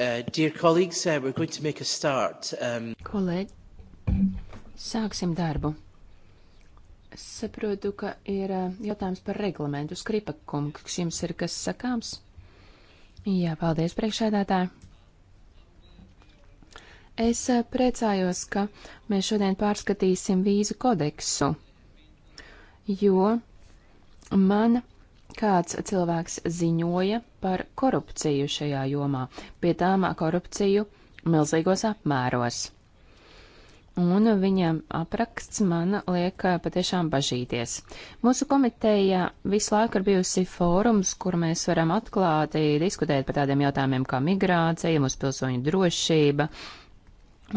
Uh, dear colleagues, uh, we're going to make a start. Um... Kolēģi, sāksim darbu. Es saprotu, ka ir uh, jautājums par reglamentu. Skripa kungs, jums ir kas sakāms? Jā, paldies, priekšēdētāji. Es uh, priecājos, ka mēs šodien pārskatīsim vīzu kodeksu, jo man kāds cilvēks ziņoja par korupciju šajā jomā, pie tām korupciju milzīgos apmēros. Un viņa apraksts man liek patiešām bažīties. Mūsu komiteja visu laiku ir bijusi fórums, kur mēs varam atklāti diskutēt par tādiem jautājumiem kā migrācija, mūsu pilsoņu drošība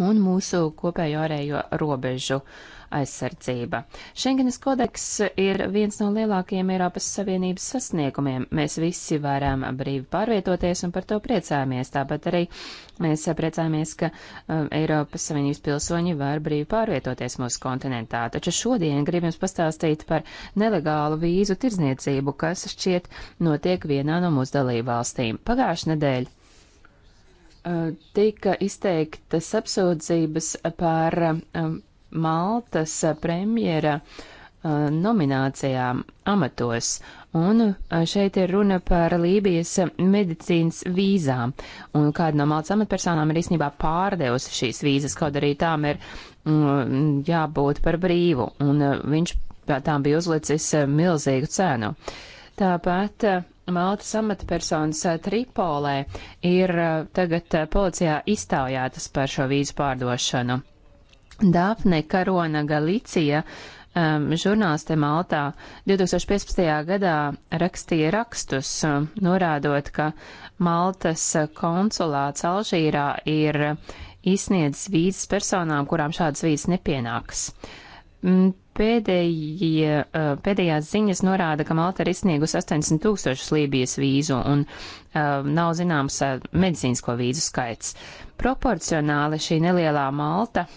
un mūsu kopējo ārējo robežu uh, aizsardzība. Šengenes kodeks ir viens no lielākajiem Eiropas Savienības sasniegumiem. Mēs visi varam brīvi pārvietoties un par to priecāmies. Tāpat arī mēs priecāmies, ka um, Eiropas Savienības pilsoņi var brīvi pārvietoties mūsu kontinentā. Taču šodien gribam jums pastāstīt par nelegālu vīzu tirdzniecību, kas šķiet notiek vienā no mūsu dalībvalstīm. Pagājušajā nedēļā uh, tika izteiktas apsūdzības par um, Maltas premjera uh, nominācijām amatos, un uh, šeit ir runa par Lībijas medicīnas vīzām, un kāda no malts amatpersonām ir īstenībā pārdevusi šīs vīzas, kaut arī tām ir mm, jābūt par brīvu, un uh, viņš tām bija uzlicis milzīgu cenu. Tāpat Maltas amatpersonas Tripolē ir tagad policijā iztaujātas par šo vīzu pārdošanu. Dāfne Karona Galicija, um, žurnāliste Maltā, 2015. gadā rakstīja rakstus, um, norādot, ka Maltas konsulāts Alžīrā ir izsniedzis vīzes personām, kurām šādas vīzes nepienāks. Mm, pēdējie, uh, pēdējās ziņas norāda, ka Malta ir izsniegusi 80 tūkstošus Lībijas vīzu un uh, nav zināms uh, medicīnisko vīzu skaits. Proporcionāli šī nelielā Malta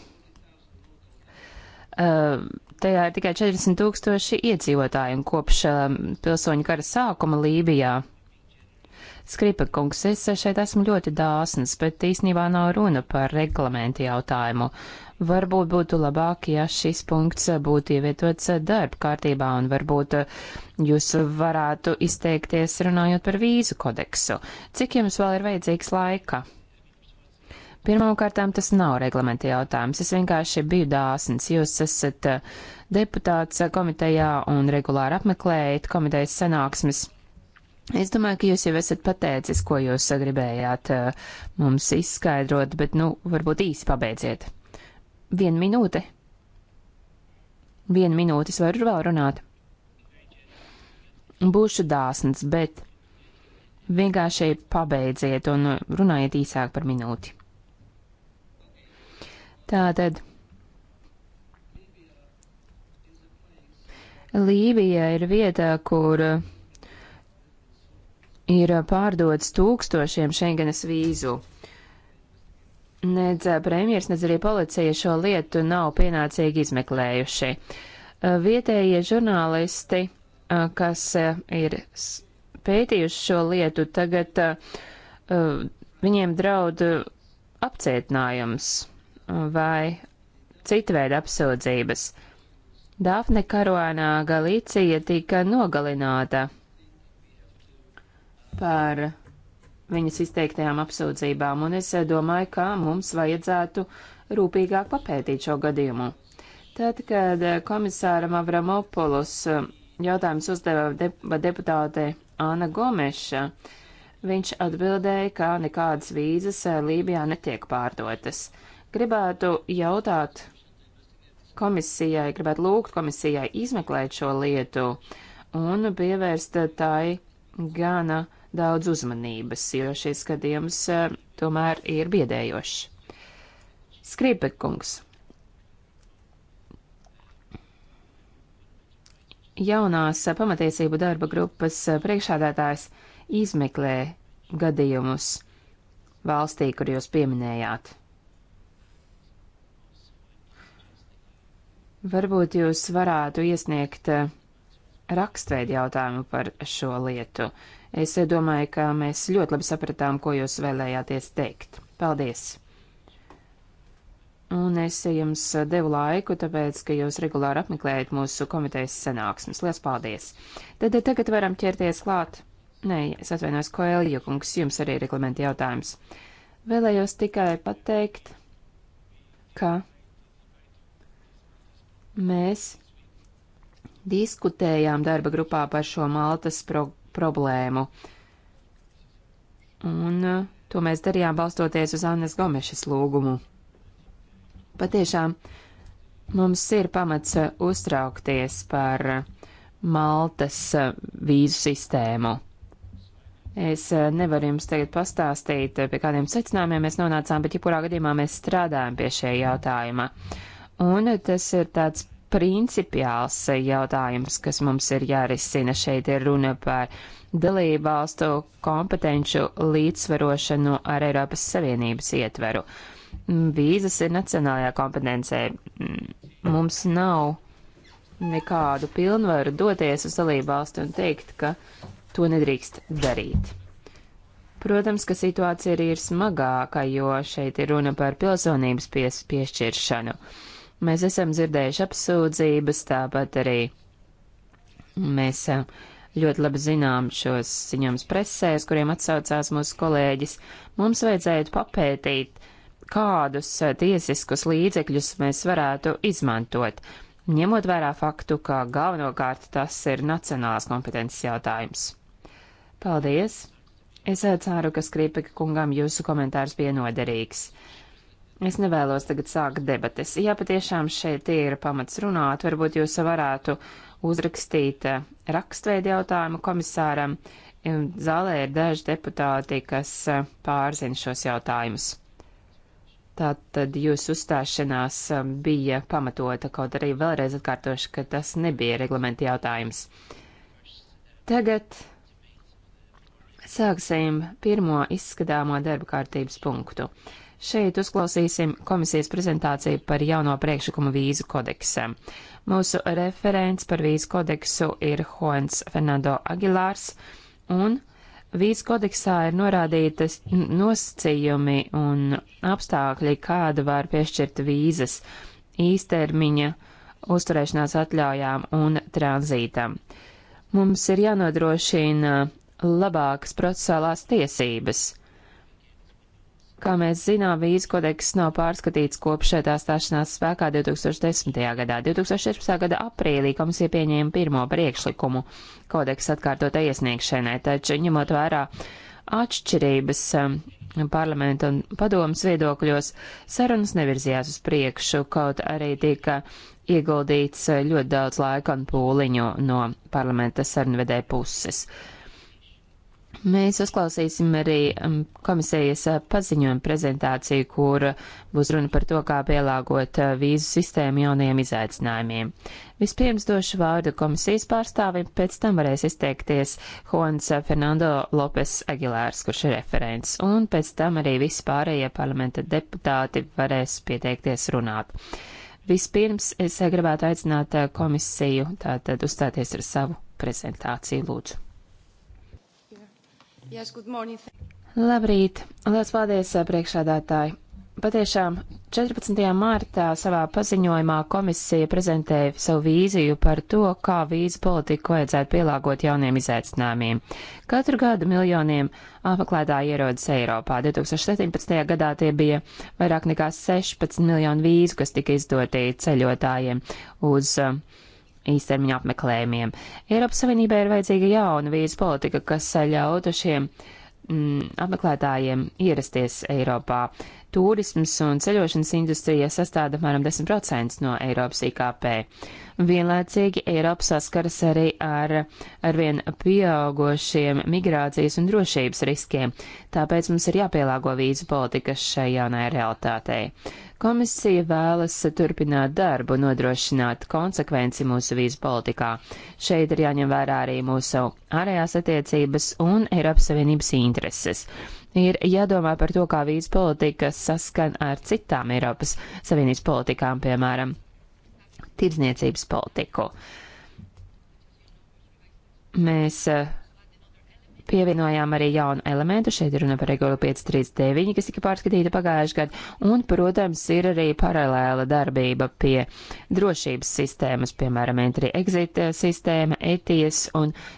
Eh, tajā ir tikai 40 tūkstoši iedzīvotāji un kopš eh, pilsoņu kara sākuma Lībijā. Skripa kungs, es šeit esmu ļoti dāsns, bet īsnībā nav runa par reglamentu jautājumu. Varbūt būtu labāk, ja šis punkts būtu ievietots darba kārtībā, un varbūt eh, jūs varētu izteikties runājot par vīzu kodeksu. Cik jums vēl ir vajadzīgs laika? Pirmkārtām tas nav reglamenta jautājums. Es vienkārši biju dāsns. Jūs esat eh, deputāts eh, komitejā un regulāri apmeklējat komitejas sanāksmes. Es domāju, ka jūs jau esat pateicis, ko jūs gribējāt eh, mums izskaidrot, bet, nu, varbūt īsi pabeidziet. Vienu minūti. Vienu minūti es varu vēl runāt. Būšu dāsns, bet vienkārši pabeidziet un runājiet īsāk par minūti. Tātad Lībija ir vietā, kur ir pārdots tūkstošiem Schengenas vīzu. Nedz premjers, nedz arī policija šo lietu nav pienācīgi izmeklējuši. Vietējie žurnālisti, kas ir pētījuši šo lietu, tagad uh, viņiem draud apcietinājums vai cita veida apsūdzības. Dāfne Karuānā Galīcija tika nogalināta par viņas izteiktajām apsūdzībām, un es domāju, ka mums vajadzētu rūpīgāk papētīt šo gadījumu. Tad, kad komisāram Avramopulus jautājums uzdeva de deputāte Āna Gomeša, viņš atbildēja, ka nekādas vīzas Lībijā netiek pārdotas. Uh, Gribētu jautāt komisijai, gribētu lūgt komisijai izmeklēt šo lietu un pievērst tai gana daudz uzmanības, jo šis gadījums eh, tomēr ir biedējošs. Skripekungs. Jaunās pamatiesību darba grupas priekšādātājs izmeklē gadījumus valstī, kur jūs pieminējāt. Varbūt jūs varētu iesniegt eh, rakstveidu jautājumu par šo lietu. Es domāju, ka mēs ļoti labi sapratām, ko jūs vēlējāties teikt. Paldies! Un es jums devu laiku, tāpēc, ka jūs regulāri apmeklējat mūsu komitejas sanāksmes. Lielas paldies! Tad tagad varam ķerties klāt. Nē, es atvainojos, Koelija kungs, jums arī reglamenta jautājums. Vēlējos tikai pateikt, ka Mēs diskutējām darba grupā par šo Maltas pro problēmu. Un uh, to mēs darījām balstoties uz Annas Gomešas lūgumu. Patiešām mums ir pamats uh, uztraukties par uh, Maltas vīzu sistēmu. Es nevaru jums tagad pastāstīt, pie kādiem secinājumiem mēs nonācām, bet jebkurā gadījumā mēs strādājam pie šī jautājuma. Uh, Un tas ir tāds principiāls jautājums, kas mums ir jārisina. Šeit ir runa par dalību valstu kompetenču līdzsvarošanu ar Eiropas Savienības ietveru. Vīzas ir nacionālajā kompetencē. Mums nav nekādu pilnvaru doties uz dalību valstu un teikt, ka to nedrīkst darīt. Protams, ka situācija arī ir smagāka, jo šeit ir runa par pilsonības pies piešķiršanu. Uh, Mēs esam dzirdējuši apsūdzības, tāpat arī mēs ļoti labi zinām šos ziņojums presēs, kuriem atsaucās mūsu kolēģis. Mums vajadzētu papētīt, kādus tiesiskus līdzekļus mēs varētu izmantot, ņemot vērā faktu, ka galvenokārt tas ir nacionālās kompetences jautājums. Paldies! Es ceru, ka Skripeka kungam jūsu komentārs bija noderīgs. Es nevēlos tagad sākt debates. Ja patiešām šeit ir pamats runāt, varbūt jūs varētu uzrakstīt eh, rakstveidu jautājumu komisāram. Zālē ir daži deputāti, kas eh, pārzina šos jautājumus. Tātad jūsu uzstāšanās bija pamatota, kaut arī vēlreiz atkārtošu, ka tas nebija reglamenta jautājums. Tagad sāksim pirmo izskatāmo darba kārtības punktu. Šeit uzklausīsim komisijas prezentāciju par jauno priekšlikumu vīzu kodeksam. Mūsu referents par vīzu kodeksu ir Hoens Fernando Aguilārs, un vīzu kodeksā ir norādītas nosacījumi un apstākļi, kādu var piešķirt vīzas īstermiņa uzturēšanās atļaujām un tranzītam. Mums ir jānodrošina labākas procesuālās tiesības. Kā mēs zinām, vīzu kodeks nav pārskatīts kopš tā stāšanās spēkā 2010. gadā. 2016. gada aprīlī komisija pieņēma pirmo priekšlikumu kodeksa atkārtotai iesniegšanai, taču ņemot vērā atšķirības um, parlamentu un padomas viedokļos, sarunas nevirzījās uz priekšu, kaut arī tika ieguldīts uh, ļoti daudz laika un pūliņu no parlamenta sarunvedē puses. Uh, Mēs uzklausīsim arī um, komisijas uh, paziņojumu prezentāciju, kur būs runa par to, kā pielāgot uh, vīzu sistēmu jaunajiem izaicinājumiem. Vispirms došu vārdu komisijas pārstāvim, pēc tam varēs izteikties Hons Fernando Lopes Aguilērs, kurš ir referents, un pēc tam arī visi pārējie parlamenta deputāti varēs pieteikties runāt. Vispirms es gribētu aicināt uh, komisiju tātad uzstāties ar savu prezentāciju, lūdzu. Yes, good morning. Labrīt! Lielas paldies, eh, priekšādātāji! Patiešām 14. martā savā paziņojumā komisija prezentēja savu vīziju par to, kā vīzu politiku vajadzētu pielāgot jauniem izaicinājumiem. Katru gadu miljoniem apmeklētāji ierodas Eiropā. 2017. gadā tie bija vairāk nekā 16 miljonu vīzu, kas tika izdoti ceļotājiem uz uh, īstermiņa apmeklējumiem. Eiropas Savienībai ir vajadzīga jauna vīzu politika, kas ļautu šiem mm, apmeklētājiem ierasties Eiropā. Tūrisms un ceļošanas industrija sastāda apmēram 10% no Eiropas IKP. Vienlaicīgi Eiropa saskaras arī ar arvien pieaugošiem migrācijas un drošības riskiem, tāpēc mums ir jāpielāgo vīzu politika šai jaunajai realitātei. Komisija vēlas turpināt darbu, nodrošināt konsekvenci mūsu vīzu politikā. Šeit ir jāņem vērā arī mūsu ārējās attiecības un Eiropas Savienības intereses. Ir jādomā par to, kā vīzu politika saskan ar citām Eiropas Savienības politikām, piemēram, tirdzniecības politiku. Mēs eh, pievienojām arī jaunu elementu. Šeit ir runa par regulu 539, kas tika pārskatīta pagājušajā gadā. Un, protams, ir arī paralēla darbība pie drošības sistēmas, piemēram, entry-exit eh, sistēma, ETIES un uh,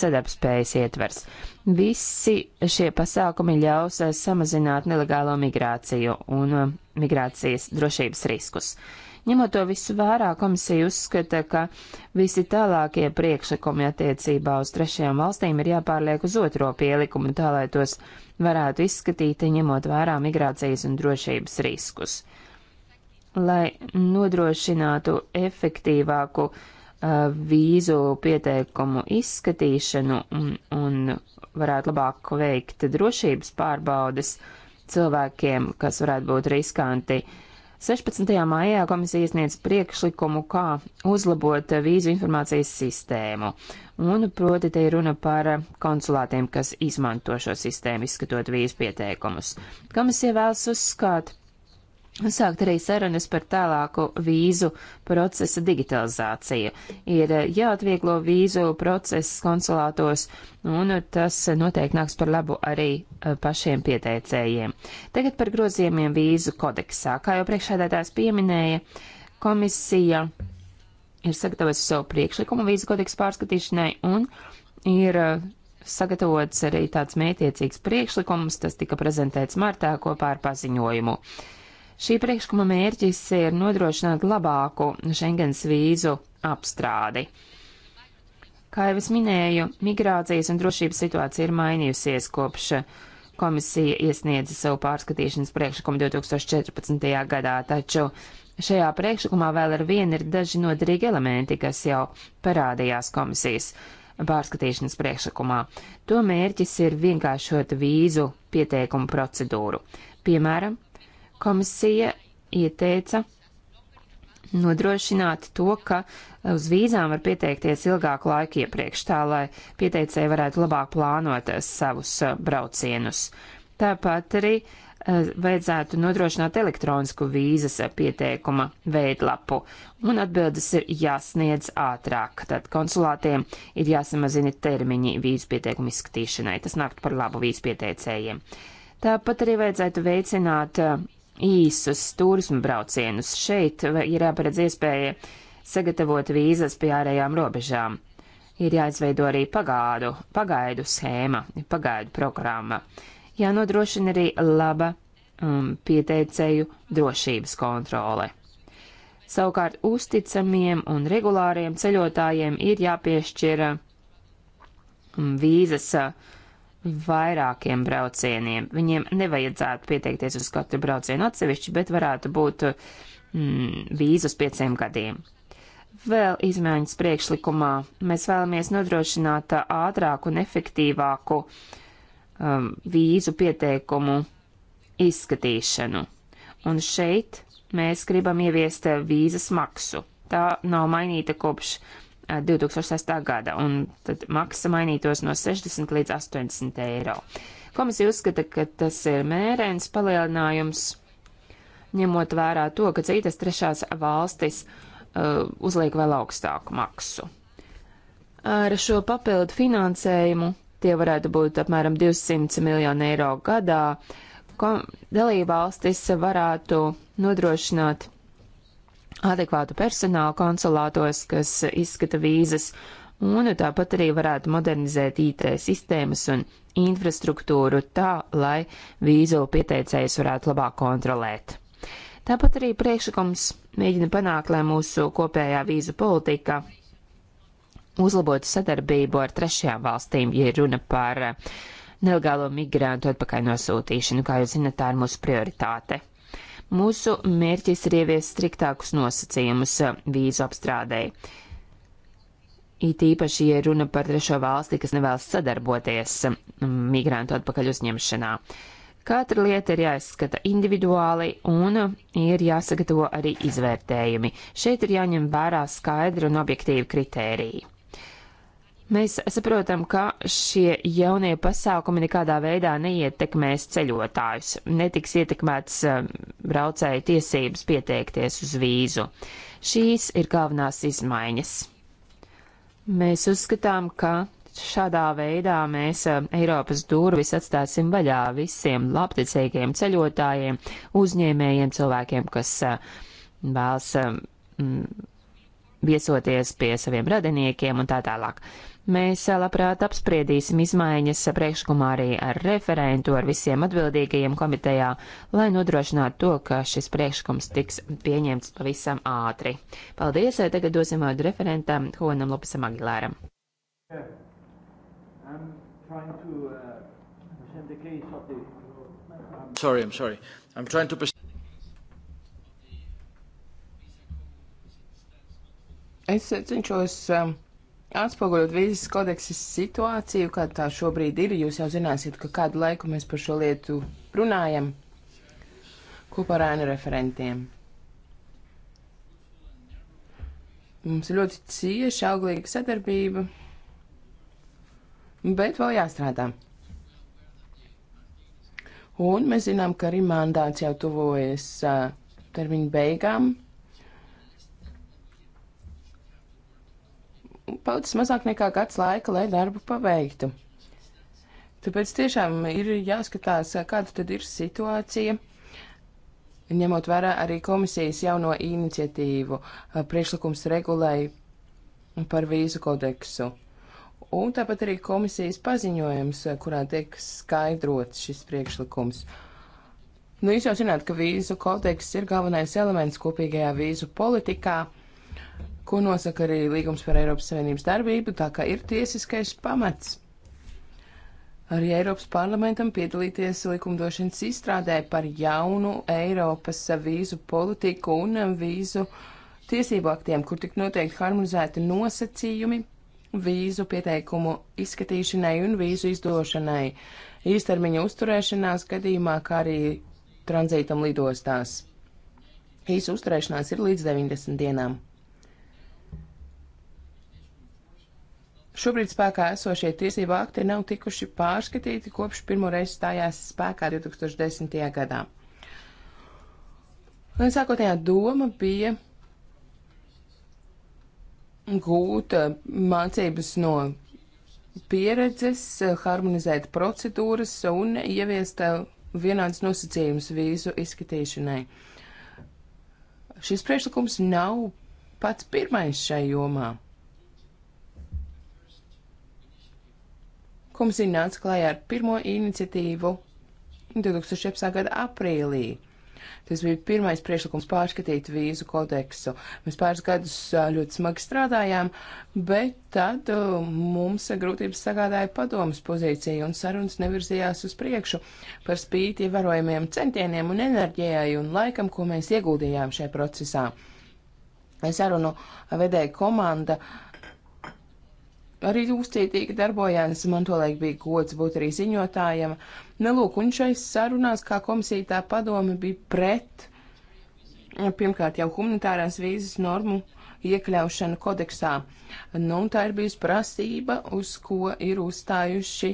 sadarbspējas ietvers. Uh, Visi šie pasākumi ļaus eh, samazināt nelegālo migrāciju un eh, migrācijas drošības riskus. Ņemot to visu vērā, komisija uzskata, ka visi tālākie priekšlikumi attiecībā uz trešajām valstīm ir jāpārliek uz otro pielikumu, tā lai tos varētu izskatīt, ņemot vērā migrācijas un drošības riskus. Lai nodrošinātu efektīvāku uh, Uh, vīzu pieteikumu izskatīšanu un, un varētu labāk veikt drošības pārbaudes cilvēkiem, kas varētu būt riskanti. 16. maijā komisija iesniedz priekšlikumu, kā uzlabot vīzu informācijas sistēmu. Un, proti, te ir runa par konsulātiem, kas izmanto šo sistēmu, izskatot vīzu pieteikumus. Komisija vēlas uzskāt Sākt arī sarunas par tālāku vīzu procesa digitalizāciju. Ir jāatvieglo vīzu process konsulātos, un tas noteikti nāks par labu arī eh, pašiem pieteicējiem. Tagad par grozījumiem vīzu kodeksā. Kā jau priekšādātājs pieminēja, komisija ir sagatavojusi savu priekšlikumu vīzu kodeksu pārskatīšanai un ir eh, sagatavots arī tāds mētiecīgs priekšlikums, tas tika prezentēts martā kopā ar paziņojumu. Uh, Šī priekšlikuma mērķis ir nodrošināt labāku Schengens vīzu apstrādi. Kā jau es minēju, migrācijas un drošības situācija ir mainījusies kopš komisija iesniedza savu pārskatīšanas priekšlikumu 2014. gadā, taču šajā priekšlikumā vēl ar vienu ir daži noderīgi elementi, kas jau parādījās komisijas pārskatīšanas priekšlikumā. To mērķis ir vienkāršot vīzu pieteikumu procedūru. Piemēram, Komisija ieteica nodrošināt to, ka uz vīzām var pieteikties ilgāku laiku iepriekš, tā lai pieteicēji varētu labāk plānot savus eh, braucienus. Tāpat arī eh, vajadzētu nodrošināt elektronisku vīzas eh, pieteikuma veidlapu, un atbildes ir jāsniedz ātrāk. Tad konsulātiem ir jāsamazina termiņi vīzu pieteikumu izskatīšanai. Tas nākt par labu vīzu pieteicējiem. Tāpat arī vajadzētu veicināt īsus turismu braucienus. Šeit ir jāparedz iespēja sagatavot vīzas pie ārējām robežām. Ir jāizveido arī pagādu, pagaidu schēma, pagaidu programma. Jānodrošina arī laba um, pieteicēju drošības kontrole. Savukārt uzticamiem un regulāriem ceļotājiem ir jāpiešķira um, vīzas uh, vairākiem braucieniem. Viņiem nevajadzētu pieteikties uz katru braucienu atsevišķi, bet varētu būt mm, vīzu uz pieciem gadiem. Vēl izmaiņas priekšlikumā mēs vēlamies nodrošināt ātrāku un efektīvāku um, vīzu pieteikumu izskatīšanu. Un šeit mēs gribam ieviest vīzas maksu. Tā nav mainīta kopš 2006. gada, un tad maksa mainītos no 60 līdz 80 eiro. Komisija uzskata, ka tas ir mērens palielinājums, ņemot vērā to, ka citas trešās valstis uh, uzliek vēl augstāku maksu. Ar šo papildu finansējumu tie varētu būt apmēram 200 miljoni eiro gadā. Dalībvalstis varētu nodrošināt adekvātu personālu konsulātos, kas izskata vīzas, un tāpat arī varētu modernizēt IT sistēmas un infrastruktūru tā, lai vīzu pieteicējus varētu labāk kontrolēt. Tāpat arī priekšlikums mēģina panākt, lai mūsu kopējā vīzu politika uzlabotu sadarbību ar trešajām valstīm, ja runa par nelegālo migrantu atpakaļ nosūtīšanu, kā jūs zinat, tā ir mūsu prioritāte. Mūsu mērķis ir ieviest striktākus nosacījumus vīzu apstrādēji. It īpaši, ja runa par trešo valsti, kas nevēlas sadarboties migrantu atpakaļ uzņemšanā. Katra lieta ir jāizskata individuāli un ir jāsagatavo arī izvērtējumi. Šeit ir jāņem vērā skaidri un objektīvi kritēriji. Mēs saprotam, ka šie jaunie pasākumi nekādā veidā neietekmēs ceļotājus, netiks ietekmēts eh, braucēju tiesības pieteikties uz vīzu. Šīs ir galvenās izmaiņas. Mēs uzskatām, ka šādā veidā mēs eh, Eiropas durvis atstāsim vaļā visiem labticīgiem ceļotājiem, uzņēmējiem, cilvēkiem, kas eh, vēlas viesoties pie saviem radiniekiem un tā tālāk. Mēs eh, labprāt apspriedīsim izmaiņas priekšlikumā arī ar referentu, ar visiem atbildīgajiem komitejā, lai nodrošinātu to, ka šis priekšlikums tiks pieņemts pavisam ātri. Paldies! Eh, tagad dosim vārdu referentam Honam Lopesam Agilēram. Yeah. To, uh, the... I'm sorry, I'm sorry. I'm trying to es eh, cenšos um, atspoguļot vīzes kodekses situāciju, kāda tā šobrīd ir. Jūs jau zināsiet, ka kādu laiku mēs par šo lietu runājam kopā ar ēnu referentiem. Mums ir ļoti cieša, auglīga sadarbība, bet vēl jāstrādā. Un mēs zinām, ka arī mandāts jau tuvojas termiņa beigām. palicis mazāk nekā gads laika, lai darbu paveiktu. Tāpēc tiešām ir jāskatās, kāda tad ir situācija, ņemot vērā arī komisijas jauno iniciatīvu priekšlikums regulēja par vīzu kodeksu. Un tāpat arī komisijas paziņojums, kurā tiek skaidrots šis priekšlikums. Nu, jūs jau zināt, ka vīzu kodeks ir galvenais elements kopīgajā vīzu politikā ko nosaka arī līgums par Eiropas Savienības darbību, tā kā ir tiesiskais pamats arī Eiropas parlamentam piedalīties likumdošanas izstrādē par jaunu Eiropas vīzu politiku un vīzu tiesību aktiem, kur tik noteikti harmonizēti nosacījumi vīzu pieteikumu izskatīšanai un vīzu izdošanai, īstermiņa uzturēšanās gadījumā, kā arī tranzītam lidostās. Īsa uzturēšanās ir līdz 90 dienām. Šobrīd spēkā esošie tiesību akti nav tikuši pārskatīti kopš pirmo reizi stājās spēkā 2010. gadā. Un sākotnējā doma bija gūt eh, mācības no pieredzes, eh, harmonizēt procedūras un ieviest eh, vienādas nosacījumus vīzu izskatīšanai. Šis priekšlikums nav pats pirmais šai jomā. Vairākums ir nāca klajā ar pirmo iniciatīvu 2017. gada aprīlī. Tas bija pirmais priekšlikums pārskatīt vīzu kodeksu. Mēs pāris gadus ļoti smagi strādājām, bet tad mums grūtības sagādāja padomas pozīcija un sarunas nevirzījās uz priekšu par spīti ievērojumiem centieniem un enerģijai un laikam, ko mēs ieguldījām šajā procesā. Sarunu vedēja komanda uh, arī uzcītīgi darbojās. Man to laik bija gods būt arī ziņotājam. Nelūk, nu, un šai sarunās, kā komisija tā padome bija pret, eh, pirmkārt, jau humanitārās vīzes normu iekļaušanu kodeksā. Nu, tā ir bijusi prasība, uz ko ir uzstājuši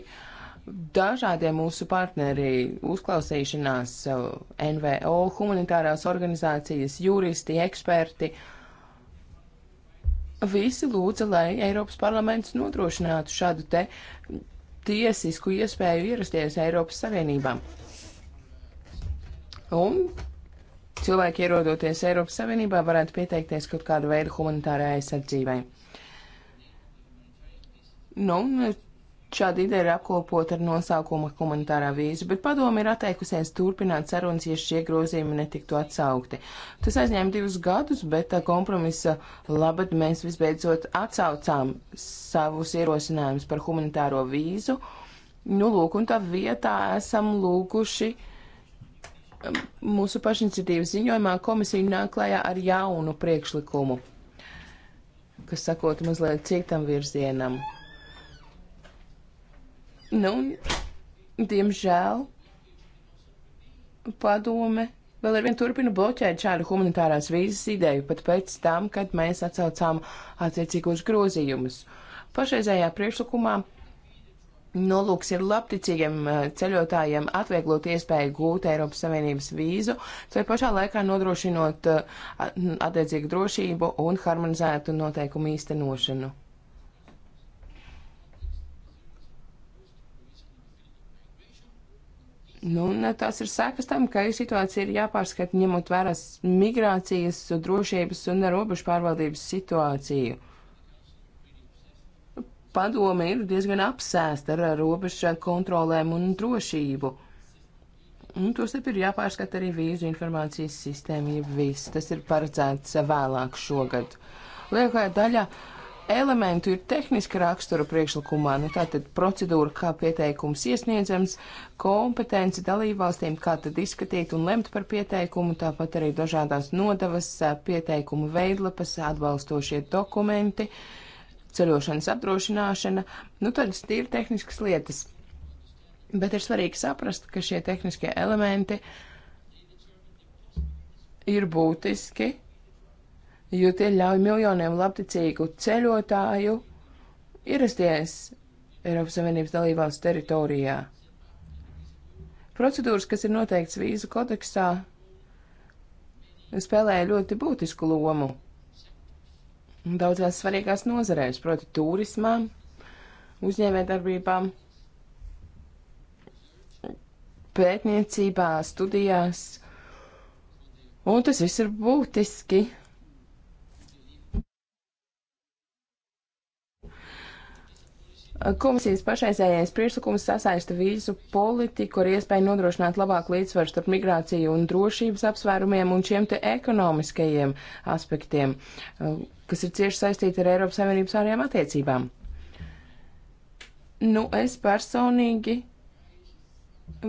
dažādie mūsu partneri uzklausīšanās eh, NVO, humanitārās organizācijas, juristi, eksperti. Uh, visi lūdza, lai Eiropas parlaments nodrošinātu šādu te tiesisku iespēju ierasties Eiropas Savienībā. Un cilvēki ierodoties Eiropas Savienībā varētu pieteikties kaut kādu veidu humanitārai aizsardzībai. Nu, Šāda ideja ir apkopota ar nosaukumu humanitārā vīza, bet padomi ir atteikusies turpināt sarunas, ja šie grozījumi netiktu atsaukti. Tas aizņēma divus gadus, bet uh, kompromisa labad mēs visbeidzot atsaucām savus ierosinājumus par humanitāro vīzu. Nu, lūk, un tā vietā esam lūguši um, mūsu pašiniciatīvas ziņojumā komisija nāk klajā ar jaunu priekšlikumu, kas sakot mazliet citam virzienam. Nu, diemžēl padome vēl ar vienu turpina bloķēt šādu humanitārās vīzes ideju pat pēc tam, kad mēs atcaucām attiecīgos grozījumus. Pašreizējā priekšlikumā Nolūks ir labticīgiem eh, ceļotājiem atvieglot iespēju gūt Eiropas Savienības vīzu, tai pašā laikā nodrošinot eh, attiecīgu drošību un harmonizētu noteikumu īstenošanu. Nu, eh, tās ir sekas tam, ka situācija ir jāpārskata ņemot vērā migrācijas, drošības un robežu pārvaldības situāciju. Padome ir diezgan apsēsta ar robežu kontrolēm un drošību. Un tos te ir jāpārskata arī vīzu informācijas sistēma, ja viss tas ir paredzēts vēlāk šogad. Lielākā daļa uh, elementu ir tehniska rakstura priekšlikumā. Nu, tātad procedūra, kā pieteikums iesniedzams, kompetence dalībvalstīm, kā tad izskatīt un lemt par pieteikumu, tāpat arī dažādās nodavas, pieteikumu veidlapas, atbalstošie dokumenti, ceļošanas apdrošināšana, nu tādas tīri tehniskas lietas. Bet ir svarīgi saprast, ka šie tehniskie elementi ir būtiski jo tie ļauj miljoniem labticīgu ceļotāju ierasties Eiropas Savienības dalībvalsts teritorijā. Procedūras, kas ir noteikts vīzu kodeksā, spēlēja ļoti būtisku lomu daudzās svarīgās nozarēs, proti turismā, uzņēmējdarbībām, pētniecībā, studijās, un tas viss ir būtiski Komisijas pašreizējais priekšlikums sasaista vīzu politiku ar iespēju nodrošināt labāku līdzsvaru starp migrāciju un drošības apsvērumiem un šiem te ekonomiskajiem aspektiem, uh, kas ir cieši saistīti ar Eiropas Savienības ārējām attiecībām. Nu, es personīgi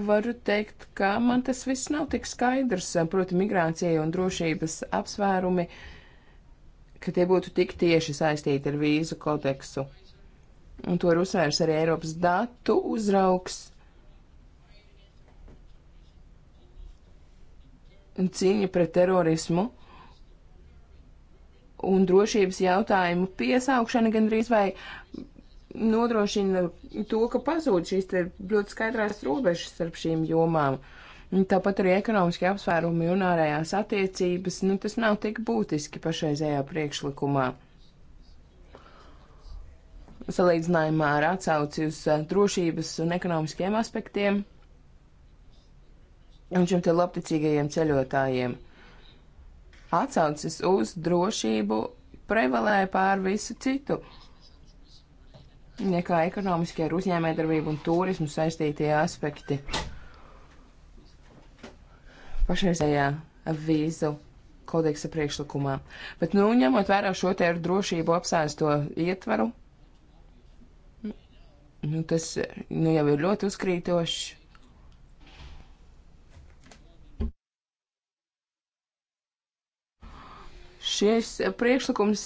varu teikt, ka man tas viss nav tik skaidrs, uh, proti migrācija un drošības apsvērumi, ka tie būtu tik tieši saistīti ar vīzu kodeksu un to ir uzsvērs arī Eiropas datu uzraugs. Cīņa pret terorismu un drošības jautājumu piesaukšana gandrīz vai nodrošina to, ka pazūd šīs ļoti skaidrās robežas starp šīm jomām. Tāpat arī ekonomiski apsvērumi un ārējās attiecības, nu tas nav tik būtiski pašreizējā priekšlikumā salīdzinājumā ar atsauci uz eh, drošības un ekonomiskiem aspektiem un šiem te labticīgajiem ceļotājiem. Atsaucis uz drošību prevalē pār visu citu nekā ekonomiskie ar uzņēmējdarbību un turismu saistītie aspekti. Pašreizējā vīzu kodeksa priekšlikumā. Bet, nu, ņemot vērā šo te ar drošību apsēsto ietvaru, Nu, tas nu, jau ir ļoti uzkrītoši. Šis priekšlikums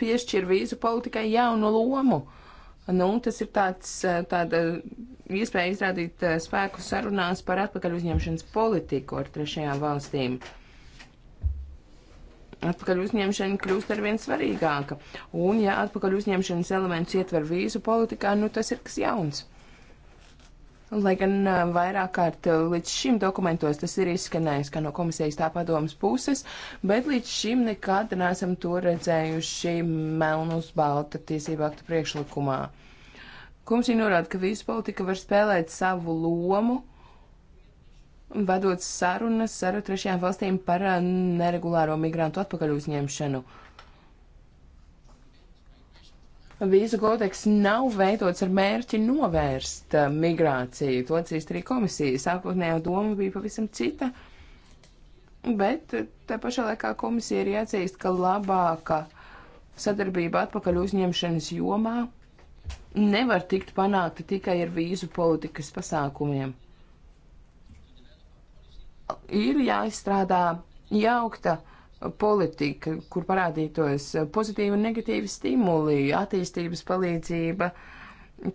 piešķir vīzu politikai jaunu lomu. Nu, tas ir tāds, tāda iespēja izrādīt eh, spēku sarunās par atpakaļ uzņemšanas politiku ar trešajām valstīm. Uh, Atpakaļ uzņemšana kļūst arvien svarīgāka, un ja atpakaļ uzņemšanas elements ietver vīzu politikā, nu tas ir kas jauns. Lai gan vairāk kārt līdz šim dokumentos tas ir izskanējis, kā no komisijas tā padomas puses, bet līdz šim nekad neesam to redzējuši melnu uz balta tiesību aktu priekšlikumā. Komisija norāda, ka vīzu politika var spēlēt savu lomu vedot sarunas ar trešajām valstīm par eh, neregulāro migrantu atpakaļ uzņemšanu. Vīzu kodeks nav veidots ar mērķi novērst eh, migrāciju. To atzīst arī komisija. Sākotnējā doma bija pavisam cita, bet eh, te pašā laikā komisija arī atzīst, ka labāka sadarbība atpakaļ uzņemšanas jomā nevar tikt panākta tikai ar vīzu politikas pasākumiem ir jāizstrādā jaukta politika, kur parādītos pozitīvi un negatīvi stimuli, attīstības palīdzība,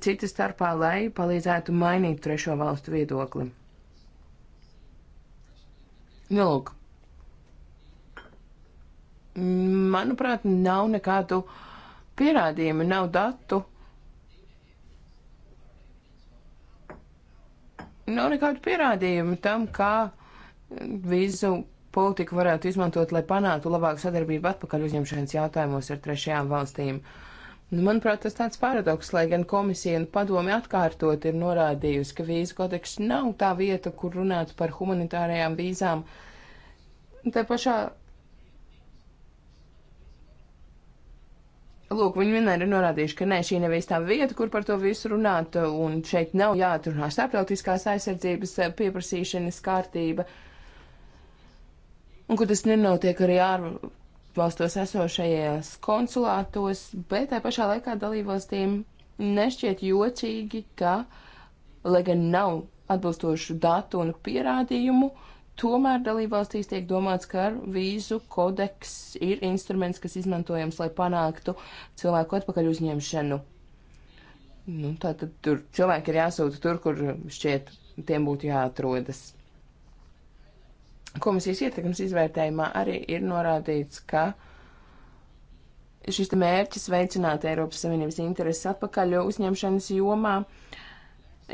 cita starpā, lai palīdzētu mainīt trešo valstu viedokli. Nelūk. Manuprāt, nav nekādu pierādījumu, nav datu. Nav nekādu pierādījumu tam, kā vīzu politiku varētu izmantot, lai panātu labāku sadarbību atpakaļ uzņemšanas jautājumos ar trešajām valstīm. Nu, manuprāt, tas tāds paradoks, lai gan komisija un padomi atkārtot ir norādījusi, ka vīzu kodeks nav tā vieta, kur runāt par humanitārajām vīzām. Te pašā Lūk, viņi vienmēr ir norādījuši, ka nē, šī nav īstā vieta, kur par to visu runāt, un šeit nav jāatrunā starptautiskās aizsardzības pieprasīšanas kārtība. Uh, un ka tas nenotiek arī ārvalstos esošajās konsulātos, bet tā pašā laikā dalībvalstīm nešķiet jocīgi, ka, lai gan nav atbilstošu datu un pierādījumu, tomēr dalībvalstīs tiek domāts, ka vīzu kodeks ir instruments, kas izmantojams, lai panāktu cilvēku atpakaļ uzņemšanu. Nu, tā tad tur cilvēki ir jāsūta tur, kur šķiet tiem būtu jāatrodas. Komisijas ietekmes izvērtējumā arī ir norādīts, ka šis mērķis veicināt Eiropas Savienības intereses atpakaļ uzņemšanas jomā,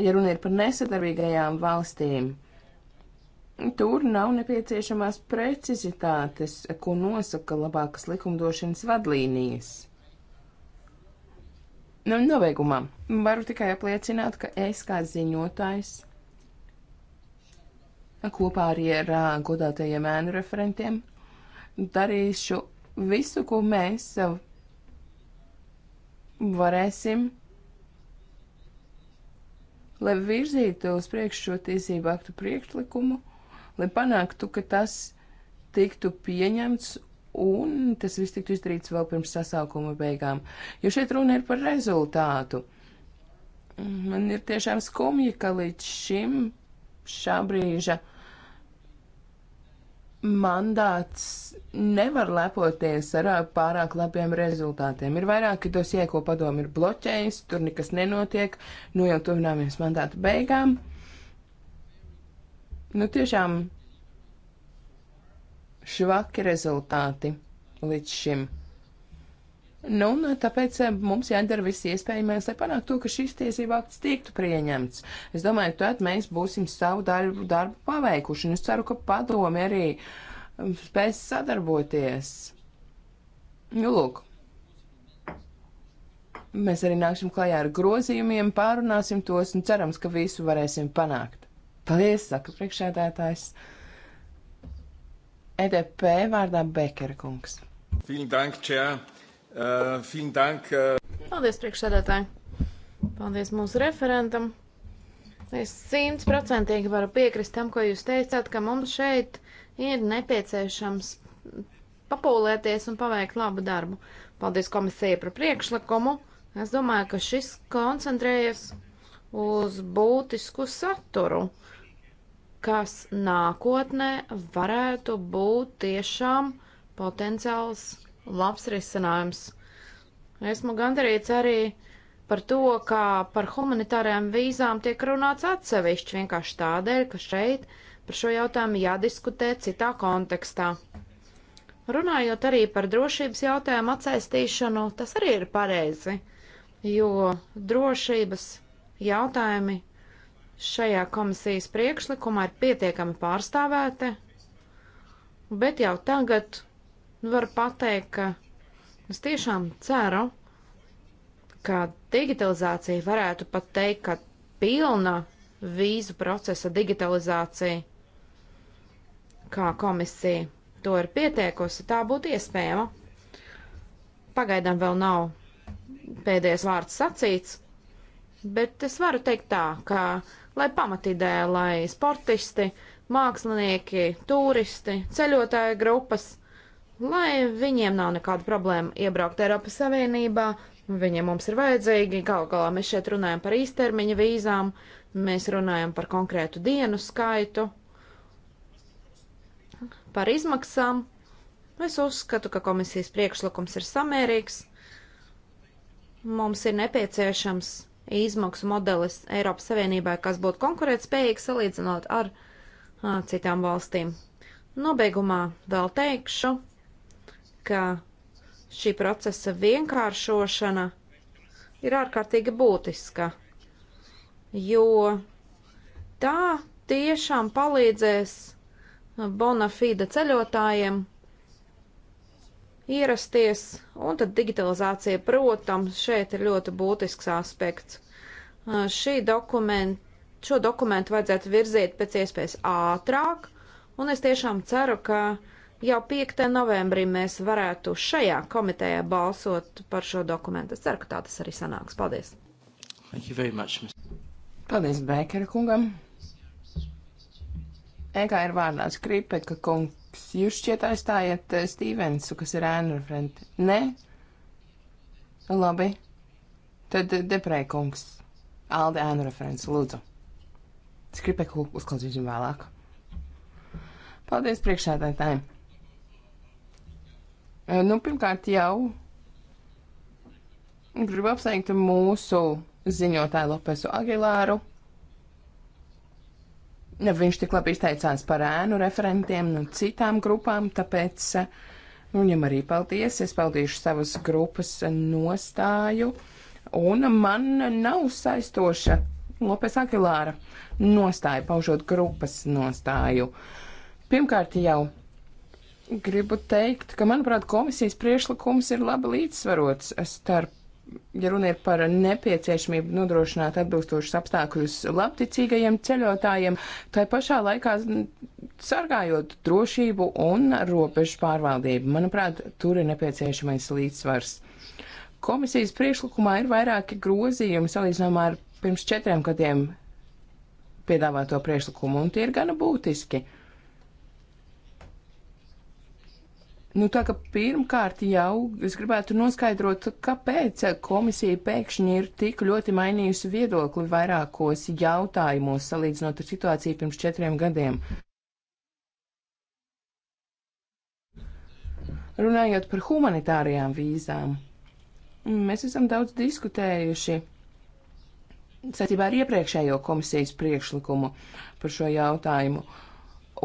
ja runa ir par nesadarbīgajām valstīm, tur nav nepieciešamās precizitātes, ko nosaka labākas likumdošanas vadlīnijas. Nu, nobeigumā varu tikai apliecināt, ka es kā ziņotājs kopā arī ar godātajiem ēnu referentiem. Darīšu visu, ko mēs varēsim, lai virzītu uz priekšu šo tiesību aktu priekšlikumu, lai panāktu, ka tas tiktu pieņemts un tas viss tiktu izdarīts vēl pirms sasaukuma beigām. Jo šeit runa ir par rezultātu. Man ir tiešām skumji, ka līdz šim šā brīža mandāts nevar lepoties ar pārāk labiem rezultātiem. Ir vairāki dosie, ko padomi ir bloķējis, tur nekas nenotiek, nu jau tuvināmies mandāta beigām. Nu tiešām švaki rezultāti līdz šim. Nu, un tāpēc eh, mums jādara viss iespējamais, lai panāktu to, ka šis tiesība akts tiktu pieņemts. Es domāju, ka tad mēs būsim savu darbu, darbu paveikuši, un es ceru, ka padomi arī um, spēs sadarboties. Nu, lūk. Mēs arī nāksim klajā ar grozījumiem, pārunāsim tos un cerams, ka visu varēsim panākt. Paldies, saka priekšēdētājs. EDP vārdā Bekera kungs. Vielen Dank, Čēr. Uh, vielen dank. Uh, Paldies, priekšsēdētāji. Paldies mūsu referentam. Es simtprocentīgi varu piekrist tam, ko jūs teicāt, ka mums šeit ir nepieciešams papūlēties un paveikt labu darbu. Paldies komisijai par priekšlikumu. Es domāju, ka šis koncentrējas uz būtisku saturu, kas nākotnē varētu būt tiešām potenciāls labs risinājums. Esmu gandarīts arī par to, kā par humanitārajām vīzām tiek runāts atsevišķi vienkārši tādēļ, ka šeit par šo jautājumu jādiskutē citā kontekstā. Runājot arī par drošības jautājumu atsaistīšanu, tas arī ir pareizi, jo drošības jautājumi šajā komisijas priekšlikumā ir pietiekami pārstāvēti, bet jau tagad Nu, varu pateikt, ka es tiešām ceru, ka digitalizācija varētu pat teikt, ka pilna vīzu procesa digitalizācija, kā komisija to ir pieteikusi, tā būtu iespējama. Pagaidām vēl nav pēdējais vārds sacīts, bet es varu teikt tā, ka lai pamatidēja, lai sportisti, mākslinieki, turisti, ceļotāju grupas – lai viņiem nav nekāda problēma iebraukt Eiropas Savienībā. Viņiem mums ir vajadzīgi, galu galā mēs šeit runājam par īstermiņa vīzām, mēs runājam par konkrētu dienu skaitu, par izmaksām. Es uzskatu, ka komisijas priekšlikums ir samērīgs. Mums ir nepieciešams izmaksu modelis Eiropas Savienībai, kas būtu konkurētspējīgs salīdzinot ar a, citām valstīm. Nobeigumā vēl teikšu, ka šī procesa vienkāršošana ir ārkārtīgi būtiska, jo tā tiešām palīdzēs bonafīda ceļotājiem ierasties, un tad digitalizācija, protams, šeit ir ļoti būtisks aspekts. Šī dokument, šo dokumentu vajadzētu virzīt pēc iespējas ātrāk, un es tiešām ceru, ka uh, jau 5. novembrī mēs varētu šajā komitejā balsot par šo dokumentu. Es ceru, ka tā tas arī sanāks. Paldies! Much, Paldies, Bēkera kungam! Ēkā ir vārdā Skripeka kungs. Jūs šķiet aizstājiet eh, Stevensu, kas ir ēnu referenti. Nē? Labi. Tad eh, Deprē kungs. Alde ēnu referents, lūdzu. Skripeku uzklausīsim vēlāk. Paldies priekšsēdētājiem! Eh, nu, pirmkārt jau gribu apsveikt mūsu ziņotāju Lopesu Agilāru. Viņš tik labi izteicās par ēnu referentiem un citām grupām, tāpēc eh, viņam arī paldies. Es paldīšu savas grupas nostāju, un man nav saistoša Lopes Agilāra nostāja, paužot grupas nostāju. Pirmkārt jau gribu teikt, ka, manuprāt, komisijas priešlikums ir labi līdzsvarots starp, ja runa ir par nepieciešamību nodrošināt atbilstošus apstākļus labticīgajiem ceļotājiem, tai pašā laikā sargājot drošību un robežu pārvaldību. Manuprāt, tur ir nepieciešamais līdzsvars. Komisijas priešlikumā ir vairāki grozījumi salīdzinājumā ar pirms četriem gadiem piedāvāto priešlikumu, un tie ir gana būtiski. Uh, Nu, tā kā pirmkārt jau es gribētu noskaidrot, kāpēc komisija pēkšņi ir tik ļoti mainījusi viedokli vairākos jautājumos, salīdzinot ar situāciju pirms četriem gadiem. Runājot par humanitārajām vīzām, mēs esam daudz diskutējuši saistībā ar iepriekšējo komisijas priekšlikumu par šo jautājumu. Uh,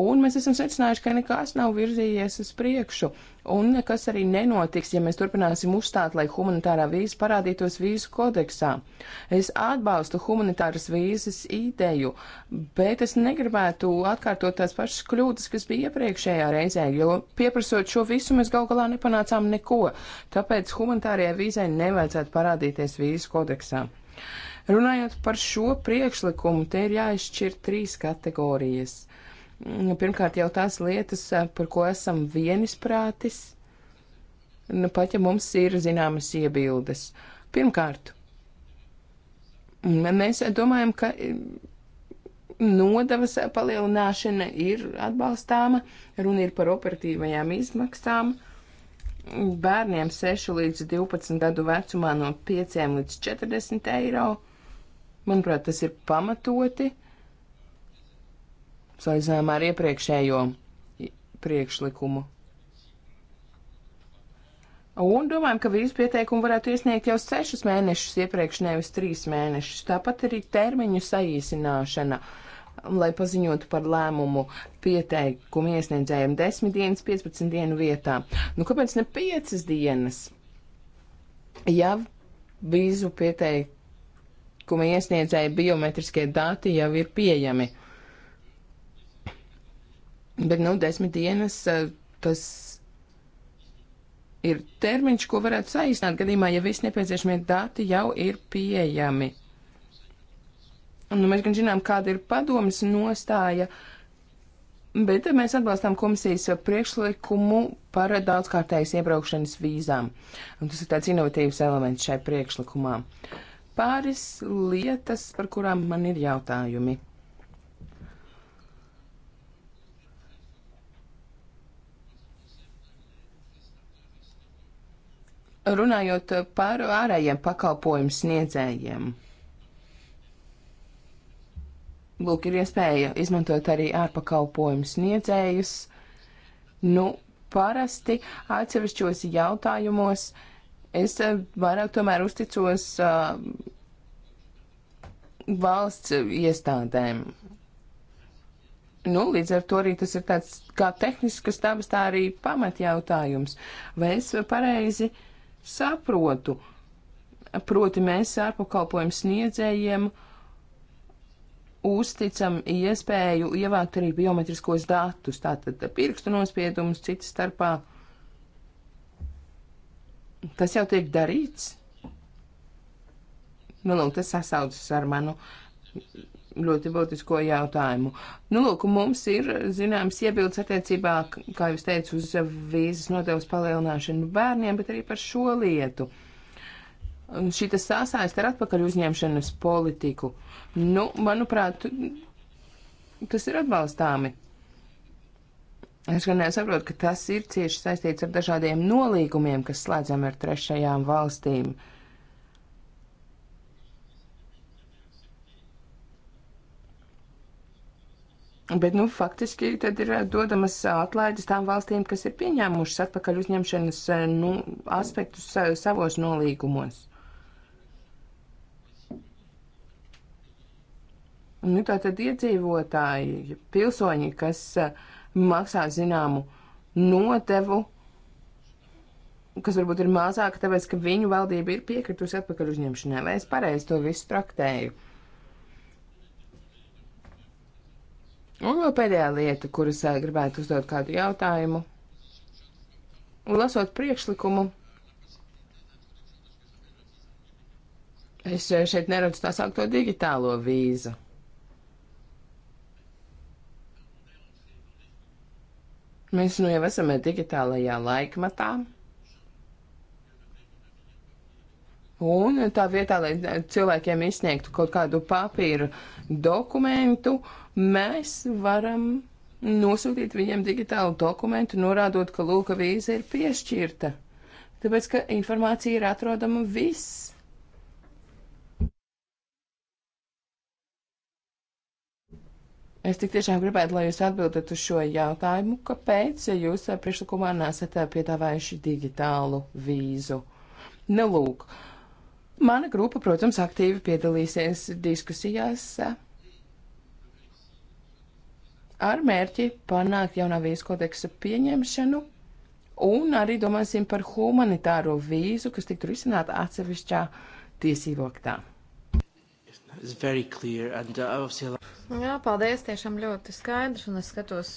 Un mēs esam secinājuši, ka nekas nav virzījies uz priekšu, un nekas arī nenotiks, ja mēs turpināsim uzstāt, lai humanitārā vīza parādītos vīzu kodeksā. Es atbalstu humanitāras vīzas ideju, bet es negribētu atkārtot tās pašas kļūdas, kas bija iepriekšējā reizē, jo pieprasot šo visu mēs gal galā nepanācām neko, tāpēc humanitārajai vīzai nevajadzētu parādīties vīzu kodeksā. Runājot par šo priekšlikumu, te ir jāizšķir trīs kategorijas. Uh, Nu, pirmkārt, jau tās lietas, par ko esam vienisprātis, nu pat ja mums ir zināmas iebildes. Pirmkārt, mēs domājam, ka nodevas palielināšana ir atbalstāma, runa ir par operatīvajām izmaksām bērniem 6 līdz 12 gadu vecumā no 5 līdz 40 eiro. Manuprāt, tas ir pamatoti. Uh, salīdzinājumā ar iepriekšējo priekšlikumu. Un domājam, ka vīzu pieteikumu varētu iesniegt jau sešus mēnešus iepriekš, nevis trīs mēnešus. Tāpat arī termiņu saīsināšana, lai paziņotu par lēmumu pieteikumu iesniedzējiem 10 dienas, 15 dienu vietā. Nu, kāpēc ne 5 dienas? Ja vīzu pieteikumu iesniedzēja biometriskie dati jau ir pieejami. Bet, nu, desmit dienas tas ir termiņš, ko varētu saīsināt gadījumā, ja visi nepieciešamie dati jau ir pieejami. Nu, mēs gan zinām, kāda ir padomas nostāja, bet mēs atbalstām komisijas priekšlikumu par daudzkārtējas iebraukšanas vīzām. Un tas ir tāds inovatīvs elements šai priekšlikumā. Pāris lietas, par kurām man ir jautājumi. Runājot par ārējiem pakalpojumu sniedzējiem. Lūk, ir iespēja izmantot arī ārpakalpojumu sniedzējus. Nu, parasti atsevišķos jautājumos es eh, vairāk tomēr uzticos uh, valsts iestādēm. Nu, līdz ar to arī tas ir tāds kā tehnisks dabas, tā arī pamatjautājums. Vai es pareizi uh, saprotu. Proti mēs ārpakalpojumu sniedzējiem uzticam iespēju ievākt arī biometriskos datus, tātad pirkstu nospiedumus citas starpā. Tas jau tiek darīts. Nu, lūk, tas sasaucas ar manu ļoti būtisko jautājumu. Nu, lūk, mums ir zināms iebildes attiecībā, kā jūs teicu, uz vīzas nodevas palielināšanu bērniem, bet arī par šo lietu. Un šī tas sāsaist ar atpakaļ uzņemšanas politiku. Nu, manuprāt, tas ir atbalstāmi. Es gan nesaprotu, ka tas ir cieši saistīts ar dažādiem nolīgumiem, kas slēdzam ar trešajām valstīm. Uh, Bet, nu, faktiski tad ir eh, dodamas eh, atlaides tām valstīm, kas ir pieņēmušas atpakaļ uzņemšanas eh, nu, aspektus savos nolīgumos. Nu, tā tad iedzīvotāji, pilsoņi, kas maksā zināmu notevu, kas varbūt ir mazāka, tāpēc, ka viņu valdība ir piekritusi atpakaļ uzņemšanai, vai es pareizi to visu traktēju. Un vēl pēdējā lieta, kuras eh, gribētu uzdot kādu jautājumu. Lasot priekšlikumu, es eh, šeit neredzu tā saukto digitālo vīzu. Mēs nu jau esam digitālajā laikmatā. Un tā vietā, lai cilvēkiem izsniegtu kaut kādu papīru dokumentu, mēs varam nosūtīt viņiem digitālu dokumentu, norādot, ka lūka vīza ir piešķirta. Tāpēc, ka informācija ir atrodama viss. Es tik tiešām gribētu, lai jūs atbildat uz šo jautājumu, kāpēc jūs priekšlikumā nesat piedāvājuši digitālu vīzu. Nelūk, nu, mana grupa, protams, aktīvi piedalīsies diskusijās ar mērķi panākt jaunā vīzu kodeksa pieņemšanu, un arī domāsim par humanitāro vīzu, kas tiktu risināta atsevišķā tiesību aktā. And, uh, Jā, paldies, tiešām ļoti skaidrs, un es skatos,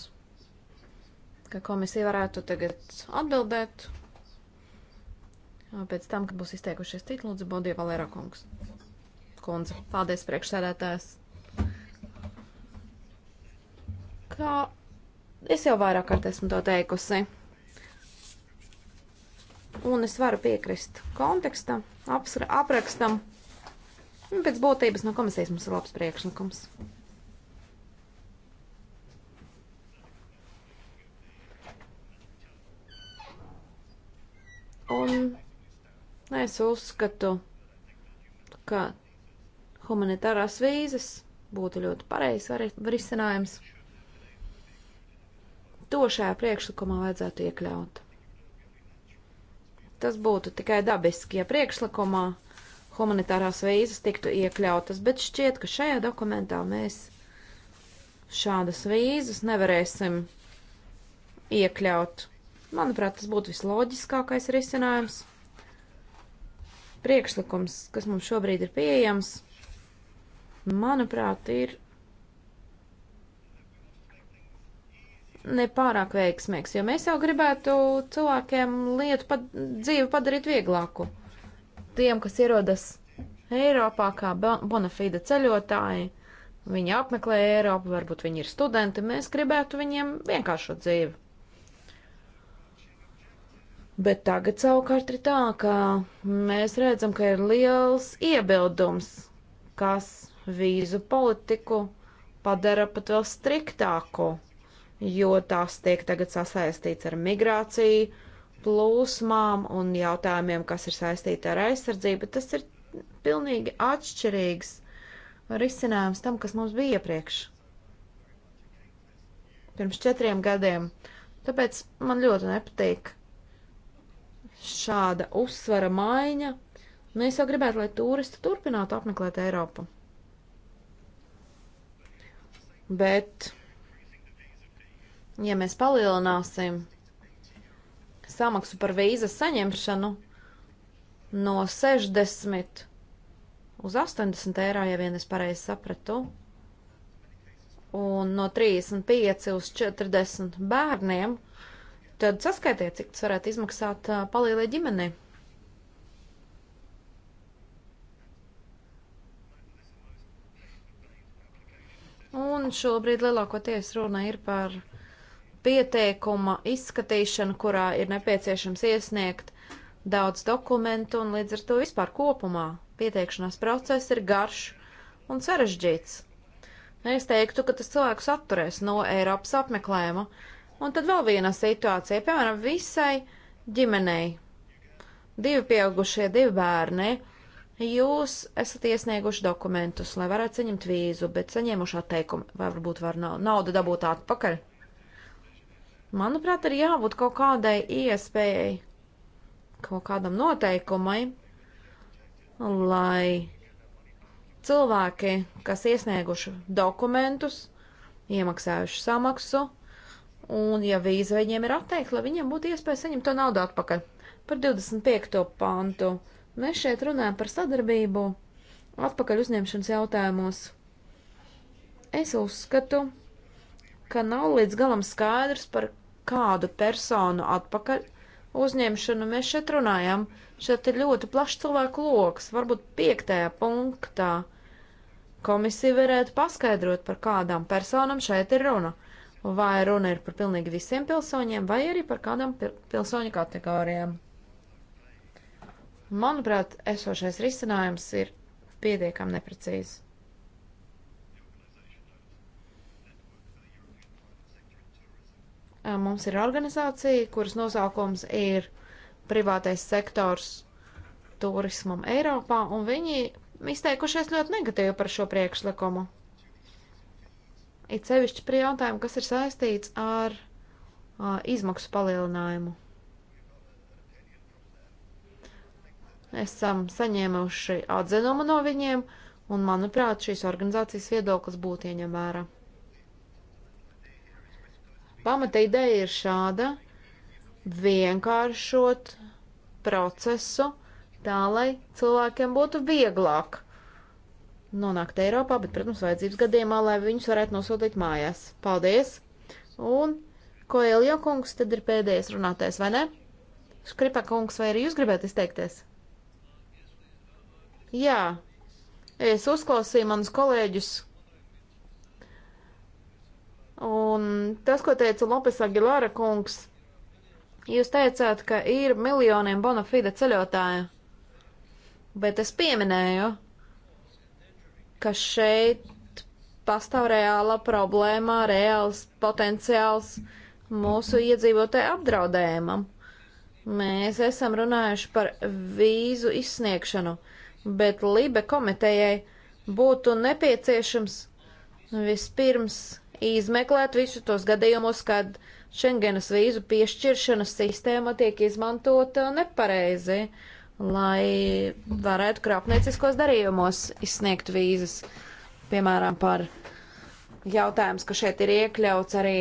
ka komisija varētu tagad atbildēt. Pēc tam, kad būs izteikušies tik, lūdzu, Bodie Valēra kungs. Kundze, paldies priekšsēdētājs. kā es jau vairāk kārt esmu to teikusi. Un es varu piekrist kontekstam, apsra, aprakstam. Un pēc būtības no komisijas mums ir labs priekšlikums. Un es uzskatu, ka humanitārās vīzes būtu ļoti pareizs risinājums. Var to šajā priekšlikumā vajadzētu iekļaut. Tas būtu tikai dabiski, ja priekšlikumā humanitārās vīzas tiktu iekļautas, bet šķiet, ka šajā dokumentā mēs šādas vīzas nevarēsim iekļaut. Manuprāt, tas būtu visloģiskākais risinājums. Priekšlikums, kas mums šobrīd ir pieejams, manuprāt, ir nepārāk veiksmīgs, jo mēs jau gribētu cilvēkiem lietu pad dzīvi padarīt vieglāku. Tiem, kas ierodas Eiropā kā bonafīda ceļotāji, viņi apmeklē Eiropu, varbūt viņi ir studenti, mēs gribētu viņiem vienkāršot dzīvi. Bet tagad savukārt ir tā, ka mēs redzam, ka ir liels iebildums, kas vīzu politiku padara pat vēl striktāku jo tās tiek tagad sasaistīts ar migrāciju, plūsmām un jautājumiem, kas ir saistīti ar aizsardzību. Tas ir pilnīgi atšķirīgs risinājums tam, kas mums bija iepriekš. Pirms četriem gadiem. Tāpēc man ļoti nepatīk šāda uzsvara maiņa. Nu, es jau gribētu, lai turisti turpinātu apmeklēt Eiropu. Bet ja mēs palielināsim samaksu par vīzas saņemšanu no 60 uz 80 eiro, ja vien es pareizi sapratu, un no 35 uz 40 bērniem, tad saskaitiet, cik tas varētu izmaksāt palīlē ģimenei. Un šobrīd lielākoties runa ir par pieteikuma izskatīšana, kurā ir nepieciešams iesniegt daudz dokumentu, un līdz ar to vispār kopumā pieteikšanās process ir garš un sarežģīts. Es teiktu, ka tas cilvēks atturēs no Eiropas apmeklējuma. Un tad vēl viena situācija, piemēram, visai ģimenei. Divi pieaugušie, divi bērni. Jūs esat iesnieguši dokumentus, lai varētu saņemt vīzu, bet saņēmuši atteikumu. Vai varbūt var naudu dabūt atpakaļ? Manuprāt, ir jābūt kaut kādai iespējai, kaut kādam noteikumai, lai cilvēki, kas iesnieguši dokumentus, iemaksājuši samaksu, un ja vīza viņiem ir atteikta, lai viņiem būtu iespēja saņemt to naudu atpakaļ. Par 25. pantu mēs šeit runājam par sadarbību atpakaļ uzņemšanas jautājumos. Es uzskatu, ka nav līdz galam skaidrs, par kādu personu atpakaļ uzņemšanu mēs šeit runājam. Šeit ir ļoti plašs cilvēku lokus. Varbūt piektajā punktā komisija varētu paskaidrot, par kādām personām šeit ir runa. Vai runa ir par pilnīgi visiem pilsoņiem, vai arī par kādām pilsoņu kategorijām. Manuprāt, esošais risinājums ir pietiekami neprecīzs. Mums ir organizācija, kuras nosaukums ir privātais sektors turismam Eiropā, un viņi izteikušies ļoti negatīvi par šo priekšlikumu. It sevišķi pie jautājuma, kas ir saistīts ar uh, izmaksu palielinājumu. Esam saņēmuši atzinumu no viņiem, un, manuprāt, šīs organizācijas viedoklis būtu ieņem vērā. Pamata ideja ir šāda - vienkāršot procesu tā, lai cilvēkiem būtu vieglāk nonākt Eiropā, bet, protams, vajadzības gadījumā, lai viņus varētu nosūtīt mājās. Paldies! Un ko Ilja kungs tad ir pēdējais runātais, vai ne? Škripa kungs, vai arī jūs gribētu izteikties? Jā, es uzklausīju manus kolēģus, Un tas, ko teica Lopes Agilāra kungs, jūs teicāt, ka ir miljoniem bonafide ceļotāju, bet es pieminēju, ka šeit pastāv reāla problēma, reāls potenciāls mūsu iedzīvotāju apdraudējumam. Mēs esam runājuši par vīzu izsniegšanu, bet Libe komitejai būtu nepieciešams vispirms izmeklēt visus tos gadījumus, kad Schengenas vīzu piešķiršanas sistēma tiek izmantota nepareizi, lai varētu krāpnieciskos darījumos izsniegt vīzas. Piemēram, par jautājums, ka šeit ir iekļauts arī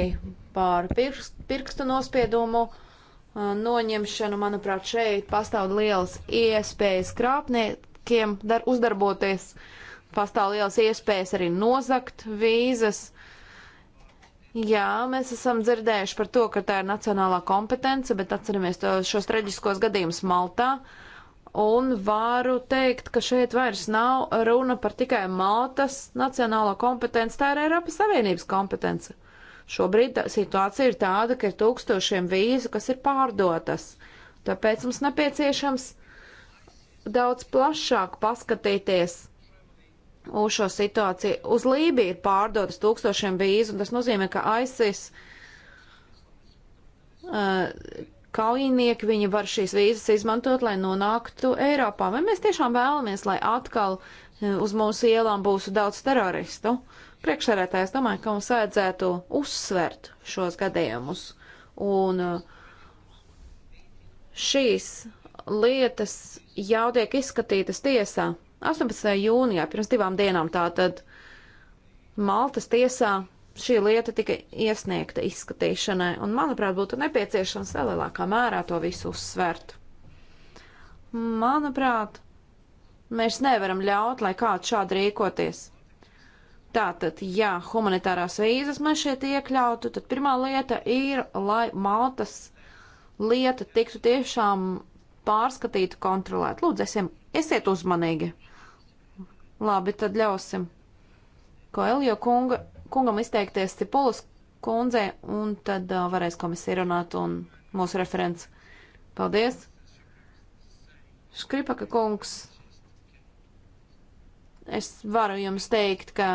par pirkstu nospiedumu uh, noņemšanu. Manuprāt, šeit pastāv liels iespējas krāpniekiem dar, uzdarboties. Pastāv liels iespējas arī nozakt vīzas. Jā, mēs esam dzirdējuši par to, ka tā ir nacionālā kompetence, bet atceramies to, šos traģiskos gadījumus Maltā. Un varu teikt, ka šeit vairs nav runa par tikai Maltas nacionālo kompetenci, tā ir Eiropas Savienības kompetence. Šobrīd tā, situācija ir tāda, ka ir tūkstošiem vīzu, kas ir pārdotas. Tāpēc mums nepieciešams daudz plašāk paskatīties uz šo situāciju. Uz Lībiju ir pārdotas tūkstošiem vīzu, un tas nozīmē, ka ISIS uh, kaujinieki, viņi var šīs vīzas izmantot, lai nonāktu Eiropā. Vai mēs tiešām vēlamies, lai atkal eh, uz mūsu ielām būtu daudz teroristu? Priekšsarētājs domāju, ka mums vajadzētu uzsvert šos gadījumus. Un eh, šīs lietas jau tiek izskatītas tiesā. 18. jūnijā, pirms divām dienām tātad, Maltas tiesā šī lieta tika iesniegta izskatīšanai, un, manuprāt, būtu nepieciešams vēl lielākā mērā to visu uzsvērt. Manuprāt, mēs nevaram ļaut, lai kāds šādi rīkoties. Tātad, ja humanitārās vīzas mēs šeit iekļautu, tad pirmā lieta ir, lai Maltas lieta tiktu tiešām pārskatīta, kontrolēta. Lūdzu, esiem, esiet uzmanīgi! Labi, tad ļausim Koeljo kunga, kungam izteikties Cipulas kundzei, un tad uh, varēs komisija runāt un mūsu referents. Paldies! Škripaka kungs, es varu jums teikt, ka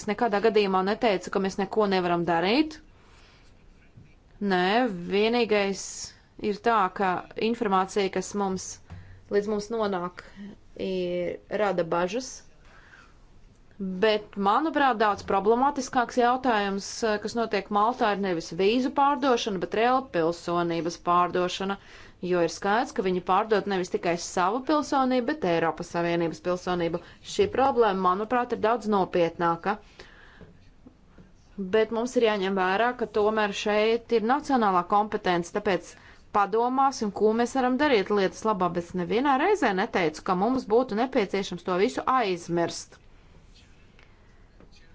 es nekādā gadījumā neteicu, ka mēs neko nevaram darīt. Nē, vienīgais ir tā, ka informācija, kas mums līdz mums nonāk, ir, rada bažas. Bet, manuprāt, daudz problemātiskāks jautājums, eh, kas notiek Maltā, ir nevis vīzu pārdošana, bet reāla pilsonības pārdošana, jo ir skaidrs, ka viņi pārdod nevis tikai savu pilsonību, bet Eiropas Savienības pilsonību. Šī problēma, manuprāt, ir daudz nopietnāka. Bet mums ir jāņem vērā, ka tomēr šeit ir nacionālā kompetence, tāpēc padomāsim, ko mēs varam darīt lietas labā, bet es nevienā reizē neteicu, ka mums būtu nepieciešams to visu aizmirst.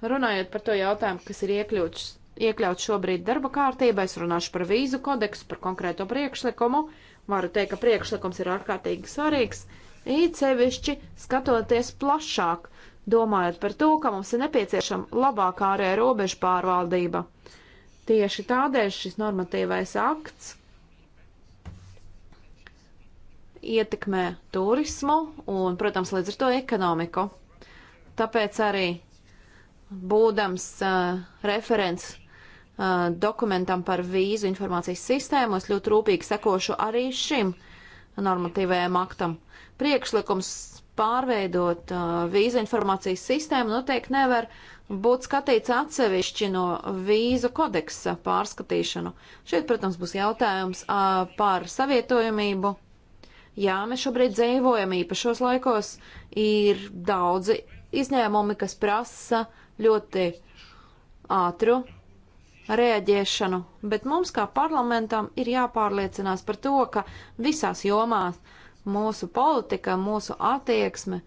Runājot par to jautājumu, kas ir iekļauts, iekļauts šobrīd darba kārtībā, es runāšu par vīzu kodeksu, par konkrēto priekšlikumu. Varu teikt, ka priekšlikums ir ārkārtīgi svarīgs, īcevišķi skatoties plašāk, domājot par to, ka mums ir nepieciešama labākā ārējā robežu pārvaldība. Tieši tādēļ šis normatīvais akts ietekmē turismu un, protams, līdz ar to ekonomiku. Tāpēc arī būdams uh, referents uh, dokumentam par vīzu informācijas sistēmu, es ļoti rūpīgi sekošu arī šim normatīvajam aktam. Priekšlikums pārveidot uh, vīzu informācijas sistēmu noteikti nevar būt skatīts atsevišķi no vīzu kodeksa pārskatīšanu. Šeit, protams, būs jautājums uh, par savietojamību. Jā, mēs šobrīd dzīvojam īpašos laikos, ir daudzi izņēmumi, kas prasa uh, ļoti ātru rēģēšanu, bet mums kā parlamentam ir jāpārliecinās par to, ka visās jomās mūsu politika, mūsu attieksme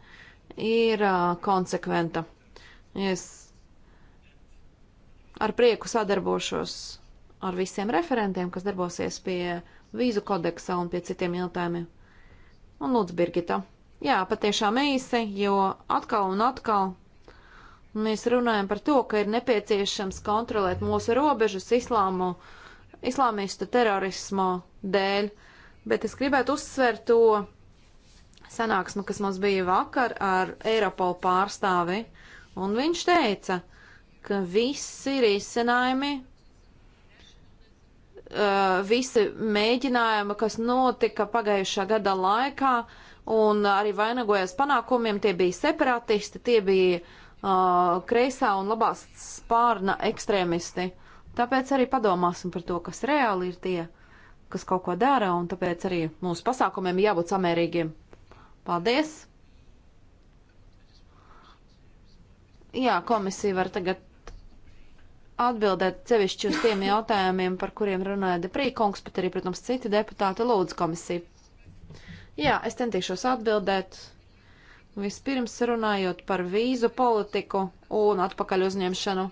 ir uh, konsekventa. Es ar prieku sadarbošos ar visiem referentiem, kas darbosies pie vīzu kodeksa un pie citiem jautājumiem. Un lūdzu, Birgita. Jā, patiešām īsi, jo atkal un atkal Mēs runājam par to, ka ir nepieciešams kontrolēt mūsu robežas islāmu, islāmistu terorismu dēļ, bet es gribētu uzsvērt to sanāksmu, kas mums bija vakar ar Eiropolu pārstāvi, un viņš teica, ka visi risinājumi Uh, visi mēģinājumi, kas notika pagājušā gada laikā, un arī vainagojās panākumiem, tie bija separatisti, tie bija uh, kreisā un labā spārna ekstrēmisti. Tāpēc arī padomāsim par to, kas reāli ir tie, kas kaut ko dara, un tāpēc arī mūsu pasākumiem jābūt samērīgiem. Paldies! Jā, komisija var tagad atbildēt sevišķi uz tiem jautājumiem, par kuriem runāja Deprīkungs, bet arī, protams, citi deputāti lūdzu komisiju. Jā, es centīšos atbildēt Vispirms runājot par vīzu politiku un atpakaļ uzņemšanu.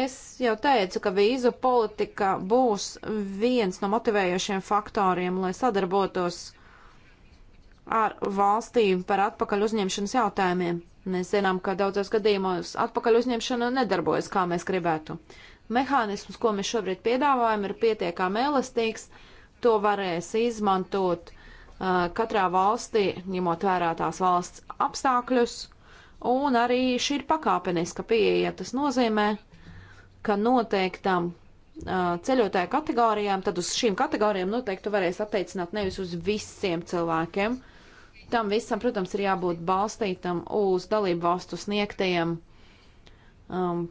Es jau teicu, ka vīzu politika būs viens no motivējošiem faktoriem, lai sadarbotos ar valstīm par atpakaļ uzņemšanas jautājumiem. Mēs zinām, ka daudzos gadījumos atpakaļ uzņemšana nedarbojas, kā mēs gribētu. Mehānisms, ko mēs šobrīd piedāvājam, ir pietiekami elastīgs. To varēs izmantot Uh, katrā valstī, ņemot vērā tās valsts apstākļus, un arī šī ir pakāpeniska pieeja. Tas nozīmē, ka noteiktam uh, ceļotāju kategorijām, tad uz šīm kategorijām noteikti varēs attiecināt nevis uz visiem cilvēkiem. Tam visam, protams, ir jābūt balstītam uz dalību valstu sniegtajiem um,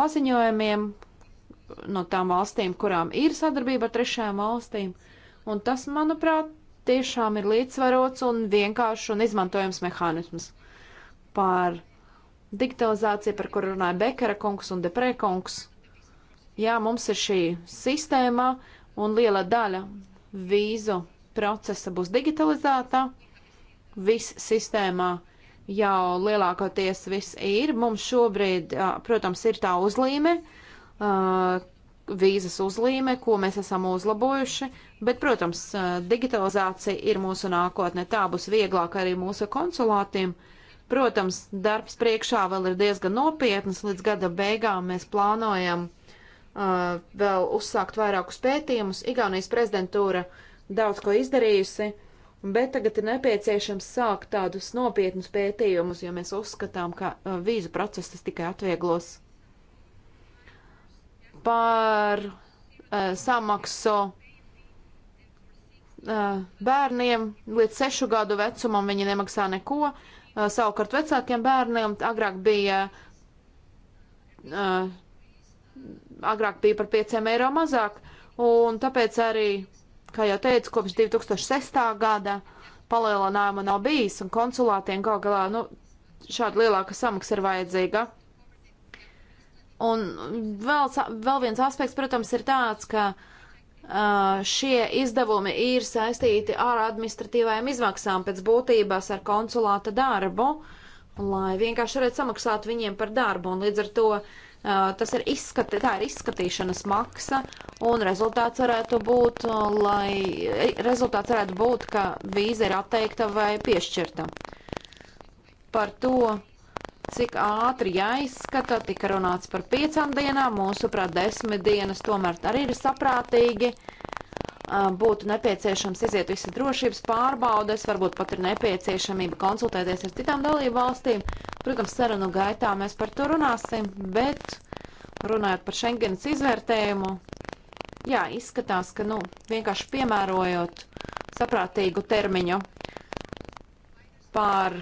paziņojumiem no tām valstīm, kurām ir sadarbība ar trešajām valstīm. Un tas, manuprāt, tiešām ir līdzsvarots un vienkāršs un izmantojams mehānisms. Par digitalizāciju, par kuru runāja Bekara kungs un Deprē kungs. Jā, mums ir šī sistēma un liela daļa vīzu procesa būs digitalizēta. Viss sistēmā jau lielākoties viss ir. Mums šobrīd, protams, ir tā uzlīme, vīzas uzlīme, ko mēs esam uzlabojuši, bet, protams, digitalizācija ir mūsu nākotne, tā būs vieglāk arī mūsu konsulātiem. Protams, darbs priekšā vēl ir diezgan nopietnas, līdz gada beigām mēs plānojam uh, vēl uzsākt vairākus pētījumus. Igaunijas prezidentūra daudz ko izdarījusi, bet tagad ir nepieciešams sākt tādus nopietnus pētījumus, jo mēs uzskatām, ka uh, vīzu process tas tikai atvieglos par uh, samaksu uh, bērniem līdz sešu gadu vecumam viņi nemaksā neko. Uh, savukārt vecākiem bērniem agrāk bija, uh, agrāk bija par pieciem eiro mazāk, un tāpēc arī, kā jau teicu, kopš 2006. gada palielinājuma nav bijis, un konsulātiem gal galā, nu, šāda lielāka samaksa ir vajadzīga. Un vēl, vēl viens aspekts, protams, ir tāds, ka uh, šie izdevumi ir saistīti ar administratīvajām izmaksām pēc būtības ar konsulāta darbu, lai vienkārši varētu samaksāt viņiem par darbu. Un līdz ar to uh, tas ir, izskati, ir izskatīšanas maksa, un rezultāts varētu būt, lai, rezultāts varētu būt, ka vīza ir atteikta vai piešķirta. Par to cik ātri jāizskata, tika runāts par piecām dienām, mūsuprāt, desmit dienas tomēr arī ir saprātīgi. Būtu nepieciešams iziet visu drošības pārbaudes, varbūt pat ir nepieciešamība konsultēties ar citām dalību valstīm. Protams, sarunu gaitā mēs par to runāsim, bet runājot par Schengenas izvērtējumu, jā, izskatās, ka, nu, vienkārši piemērojot saprātīgu termiņu pār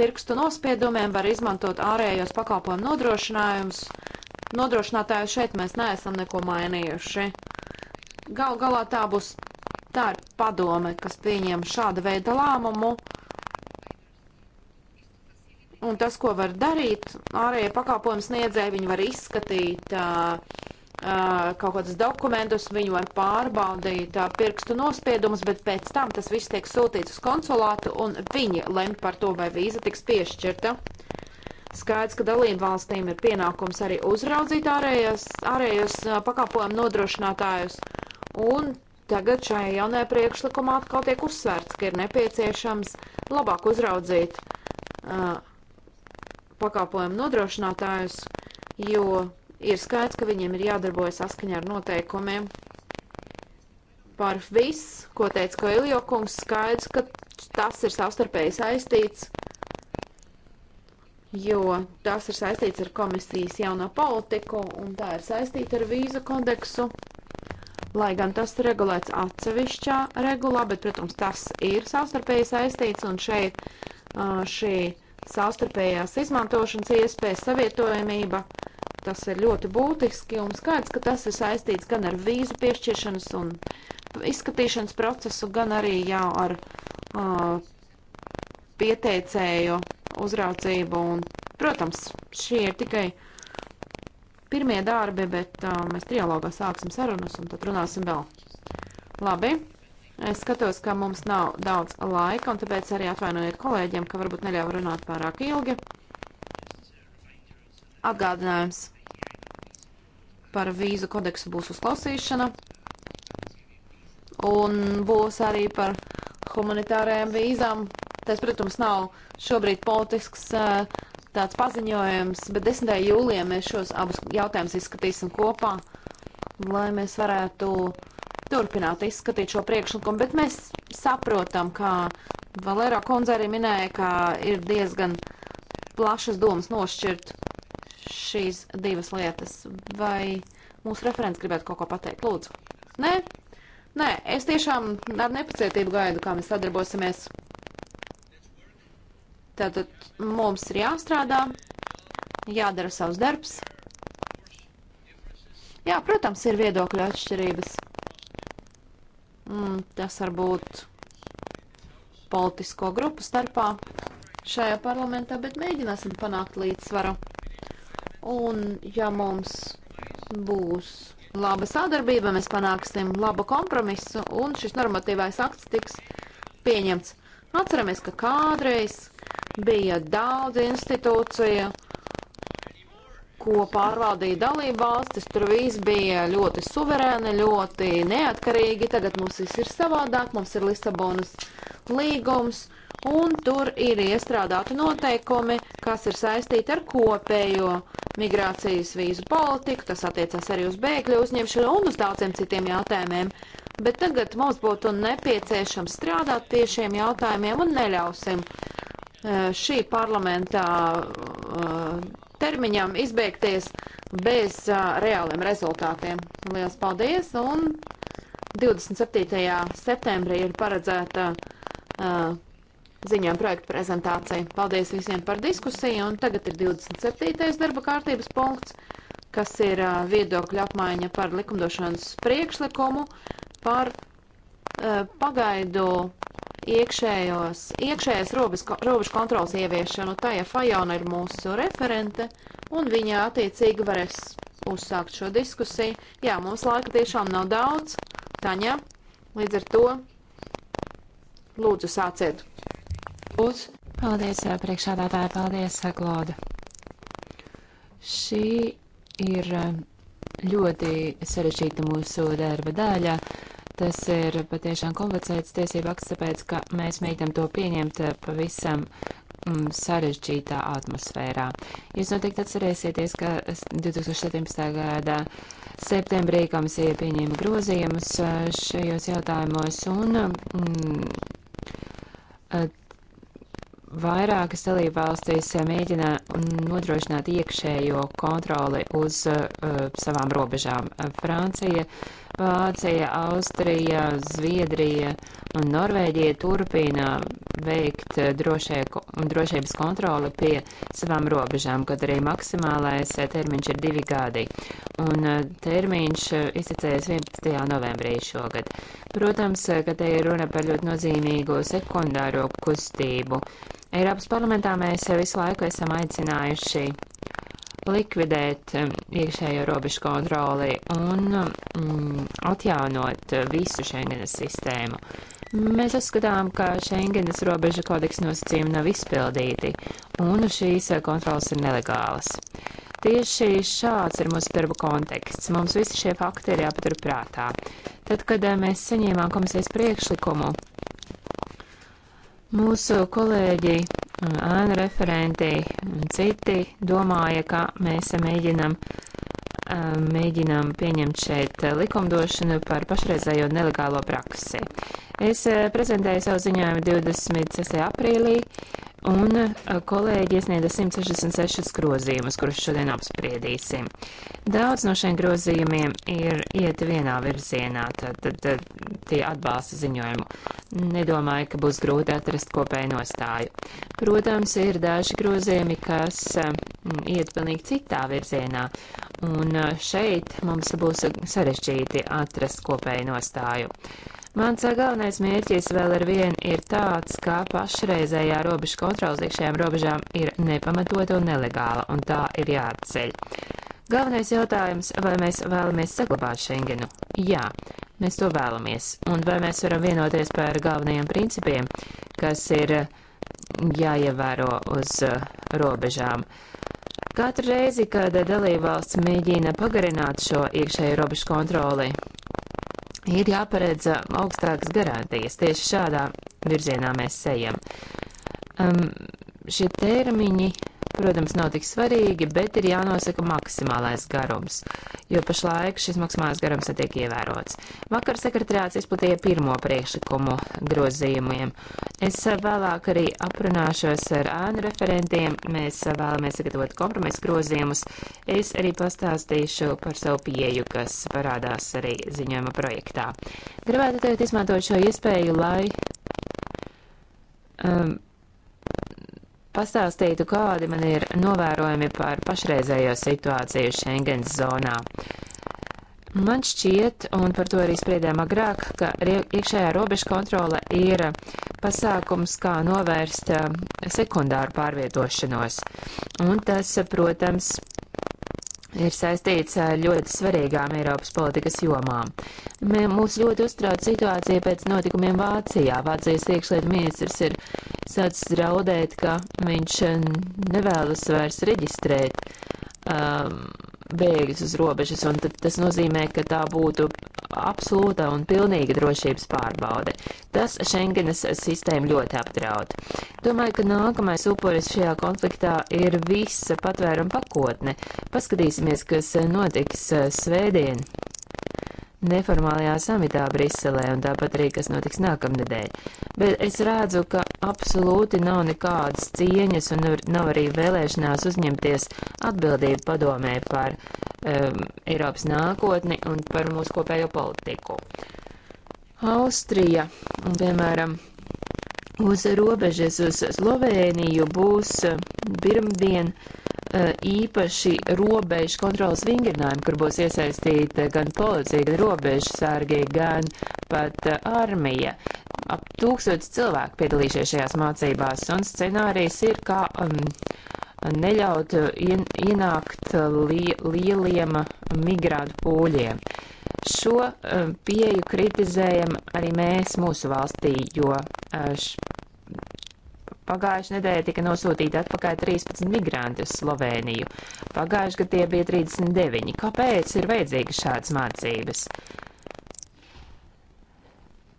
pirkstu nospiedumiem var izmantot ārējos pakalpojumu nodrošinājumus. Nodrošinātāju šeit mēs neesam neko mainījuši. Gal galā tā būs tā ir padome, kas pieņem šāda veida lēmumu. Un tas, ko var darīt, ārējie pakalpojumu sniedzēji, viņi var izskatīt uh, kaut kādus dokumentus, viņi var pārbaudīt pirkstu nospiedumus, bet pēc tam tas viss tiek sūtīts uz konsulātu un viņi lemj par to, vai vīza tiks piešķirta. Skaidrs, ka dalību valstīm ir pienākums arī uzraudzīt ārējos, ārējos pakalpojumu nodrošinātājus. Un tagad šajā jaunajā priekšlikumā atkal tiek uzsvērts, ka ir nepieciešams labāk uzraudzīt uh, pakalpojumu nodrošinātājus, jo Ir skaidrs, ka viņiem ir jādarbojas saskaņā ar noteikumiem. Par viss, ko teica Koiljo kungs, skaidrs, ka tas ir savstarpēji saistīts, jo tas ir saistīts ar komisijas jauno politiku un tā ir saistīta ar vīzu kodeksu. Lai gan tas ir regulēts atsevišķā regulā, bet, protams, tas ir savstarpēji saistīts un šeit uh, šī savstarpējās izmantošanas iespējas savietojamība Tas ir ļoti būtiski un skaidrs, ka tas ir saistīts gan ar vīzu piešķiršanas un izskatīšanas procesu, gan arī jau ar uh, pieteicēju uzraucību. Un, protams, šie ir tikai pirmie darbi, bet uh, mēs trialogā sāksim sarunas un tad runāsim vēl. Labi. Es skatos, ka mums nav daudz laika, un tāpēc arī atvainojiet kolēģiem, ka varbūt neļauju runāt pārāk ilgi. Atgādinājums par vīzu kodeksu būs uzklausīšana un būs arī par humanitārajām vīzām. Tas, protams, nav šobrīd politisks eh, tāds paziņojums, bet 10. jūlijā mēs šos abus jautājumus izskatīsim kopā, lai mēs varētu turpināt izskatīt šo priekšlikumu, bet mēs saprotam, kā Valērā kundze arī minēja, ka ir diezgan plašas domas nošķirt šīs divas lietas. Vai mūsu referents gribētu kaut ko pateikt? Lūdzu. Nē, nē, es tiešām ar nepacietību gaidu, kā mēs sadarbosimies. Tātad mums ir jāstrādā, jādara savs darbs. Jā, protams, ir viedokļu atšķirības. Mm, tas var būt politisko grupu starpā šajā parlamentā, bet mēģināsim panākt līdzsvaru. Un ja mums būs laba sadarbība, mēs panāksim labu kompromisu un šis normatīvais akts tiks pieņemts. Atceramies, ka kādreiz bija daudz institūciju, ko pārvaldīja dalība valstis, tur viss bija ļoti suverēni, ļoti neatkarīgi. Tagad mums viss ir savādāk, mums ir Lisabonas līgums, un tur ir iestrādāti noteikumi, kas ir saistīti ar kopējo migrācijas vīzu politiku, tas attiecas arī uz bēgļu uzņemšanu un uz daudziem citiem jautājumiem. Bet tagad mums būtu nepieciešams strādāt pie šiem jautājumiem un neļausim e, šī parlamentā e, termiņam izbeigties bez e, reāliem rezultātiem. Lielas paldies! Un 27. septembrī ir paredzēta uh, ziņām projektu prezentāciju. Paldies visiem par diskusiju, un tagad ir 27. darba kārtības punkts, kas ir uh, viedokļa apmaiņa par likumdošanas priekšlikumu par uh, pagaidu iekšējos, iekšējās robežu ko, kontrolas ieviešanu. Tā ja Fajona ir mūsu referente, un viņa attiecīgi varēs uzsākt šo diskusiju. Jā, mums laika tiešām nav daudz, Taņa, līdz ar to lūdzu sāciet būs. Paldies, eh, priekšādātāji, paldies, eh, Klauda. Šī ir eh, ļoti sarežģīta mūsu darba daļa. Tas ir patiešām komplicēts tiesība akts, tāpēc, ka mēs mēģinām to pieņemt pavisam mm, sarežģītā atmosfērā. Jūs noteikti atcerēsieties, ka 2017. gada septembrī komisija pieņēma grozījumus šajos jautājumos un mm, Vairākas dalībvalstis eh, mēģina mm, nodrošināt iekšējo kontroli uz uh, savām robežām. Francija Vācija, Austrija, Zviedrija un Norvēģija turpina veikt drošie, drošības kontroli pie savām robežām, kad arī maksimālais termiņš ir divi gadi. Un eh, termiņš eh, izticējas 11. novembrī šogad. Protams, eh, ka te ir runa par ļoti nozīmīgu sekundāro kustību. Eiropas parlamentā mēs visu laiku esam aicinājuši likvidēt um, iekšējo robežu kontroli un mm, atjaunot visu Schengenas sistēmu. Mēs uzskatām, ka Schengenas robežu kodeksa nosacījumi nav izpildīti, un šīs kontrolas ir nelegālas. Tieši šāds ir mūsu darba konteksts. Mums visi šie fakti ir jāpatur prātā. Tad, kad eh, mēs saņēmām komisijas priekšlikumu, mūsu kolēģi ēnu referenti un citi domāja, ka mēs mēģinam, mēģinam pieņemt šeit likumdošanu par pašreizējo nelegālo praksi. Es prezentēju savu ziņojumu 26. aprīlī un kolēģi iesniedza 166 grozījumus, kurus šodien apspriedīsim. Daudz no šiem grozījumiem ir iet vienā virzienā, tad, tad, tad tie atbalsta ziņojumu. Nedomāju, ka būs grūti atrast kopēju nostāju. Protams, ir daži grozījumi, kas iet pilnīgi citā virzienā, un šeit mums būs sarežģīti atrast kopēju nostāju. Mans galvenais mērķis vēl ar vien ir tāds, ka pašreizējā robeža kontrola uz iekšējām robežām ir nepamatota un nelegāla, un tā ir jāatceļ. Galvenais jautājums, vai mēs vēlamies saglabāt Schengenu? Jā, mēs to vēlamies, un vai mēs varam vienoties par galvenajiem principiem, kas ir jāievēro uz eh, robežām. Katru reizi, kad dalībvalsts mēģina pagarināt šo iekšējo robežu kontroli, ir jāparedz um, augstākas garantijas. Tieši šādā virzienā mēs ejam. Um, Šie termiņi, protams, nav tik svarīgi, bet ir jānosaka maksimālais garums, jo pašlaik šis maksimālais garums netiek ievērots. Vakar sekretariāts izplatīja pirmo priekšlikumu grozījumiem. Es vēlāk arī aprunāšos ar ēnu referentiem, mēs vēlamies sagatavot kompromisu grozījumus. Es arī pastāstīšu par savu pieju, kas parādās arī ziņojuma projektā. Gribētu tagad izmantot šo iespēju, lai. Um, pastāstītu, kādi man ir novērojumi par pašreizējo situāciju Schengens zonā. Man šķiet, un par to arī spriedām agrāk, ka iekšējā robeža kontrole ir pasākums, kā novērst um, sekundāru pārvietošanos. Un tas, protams, ir saistīts ar ļoti svarīgām Eiropas politikas jomām. Mē, mūs ļoti uztrauc situācija pēc notikumiem Vācijā. Vācijas iekšlietu ministrs ir sācis draudēt, ka viņš nevēlas vairs reģistrēt um, bēgļus uz robežas, un tas nozīmē, ka tā būtu absolūta un pilnīga drošības pārbaude. Tas Schengenas sistēmu ļoti apdraud. Domāju, ka nākamais upuris šajā konfliktā ir visa patvēruma pakotne. Paskatīsimies, kas notiks eh, svētdien neformālajā samitā Briselē un tāpat arī, kas notiks nākamnedēļ. Bet es redzu, ka absolūti nav nekādas cieņas un nav arī vēlēšanās uzņemties atbildību padomē par um, Eiropas nākotni un par mūsu kopējo politiku. Austrija, piemēram, uz robežas uz Slovēniju būs uh, pirmdien. Uh, Eh, īpaši robežu kontrolas vingrinājumu, kur būs iesaistīta gan policija, gan robežu sārgi, gan pat eh, armija. Ap tūkstotis cilvēku piedalīšies šajās mācībās, un scenārijs ir kā um, neļaut eh, ien, ienākt li, lieliem migrāntu pūļiem. Šo um, pieju kritizējam arī mēs mūsu valstī, jo uh, š, Pagājušajā nedēļā tika nosūtīti atpakaļ 13 migranti uz Sloveniju. Pagājušajā gadā tie bija 39. Kāpēc ir vajadzīgas šādas mācības?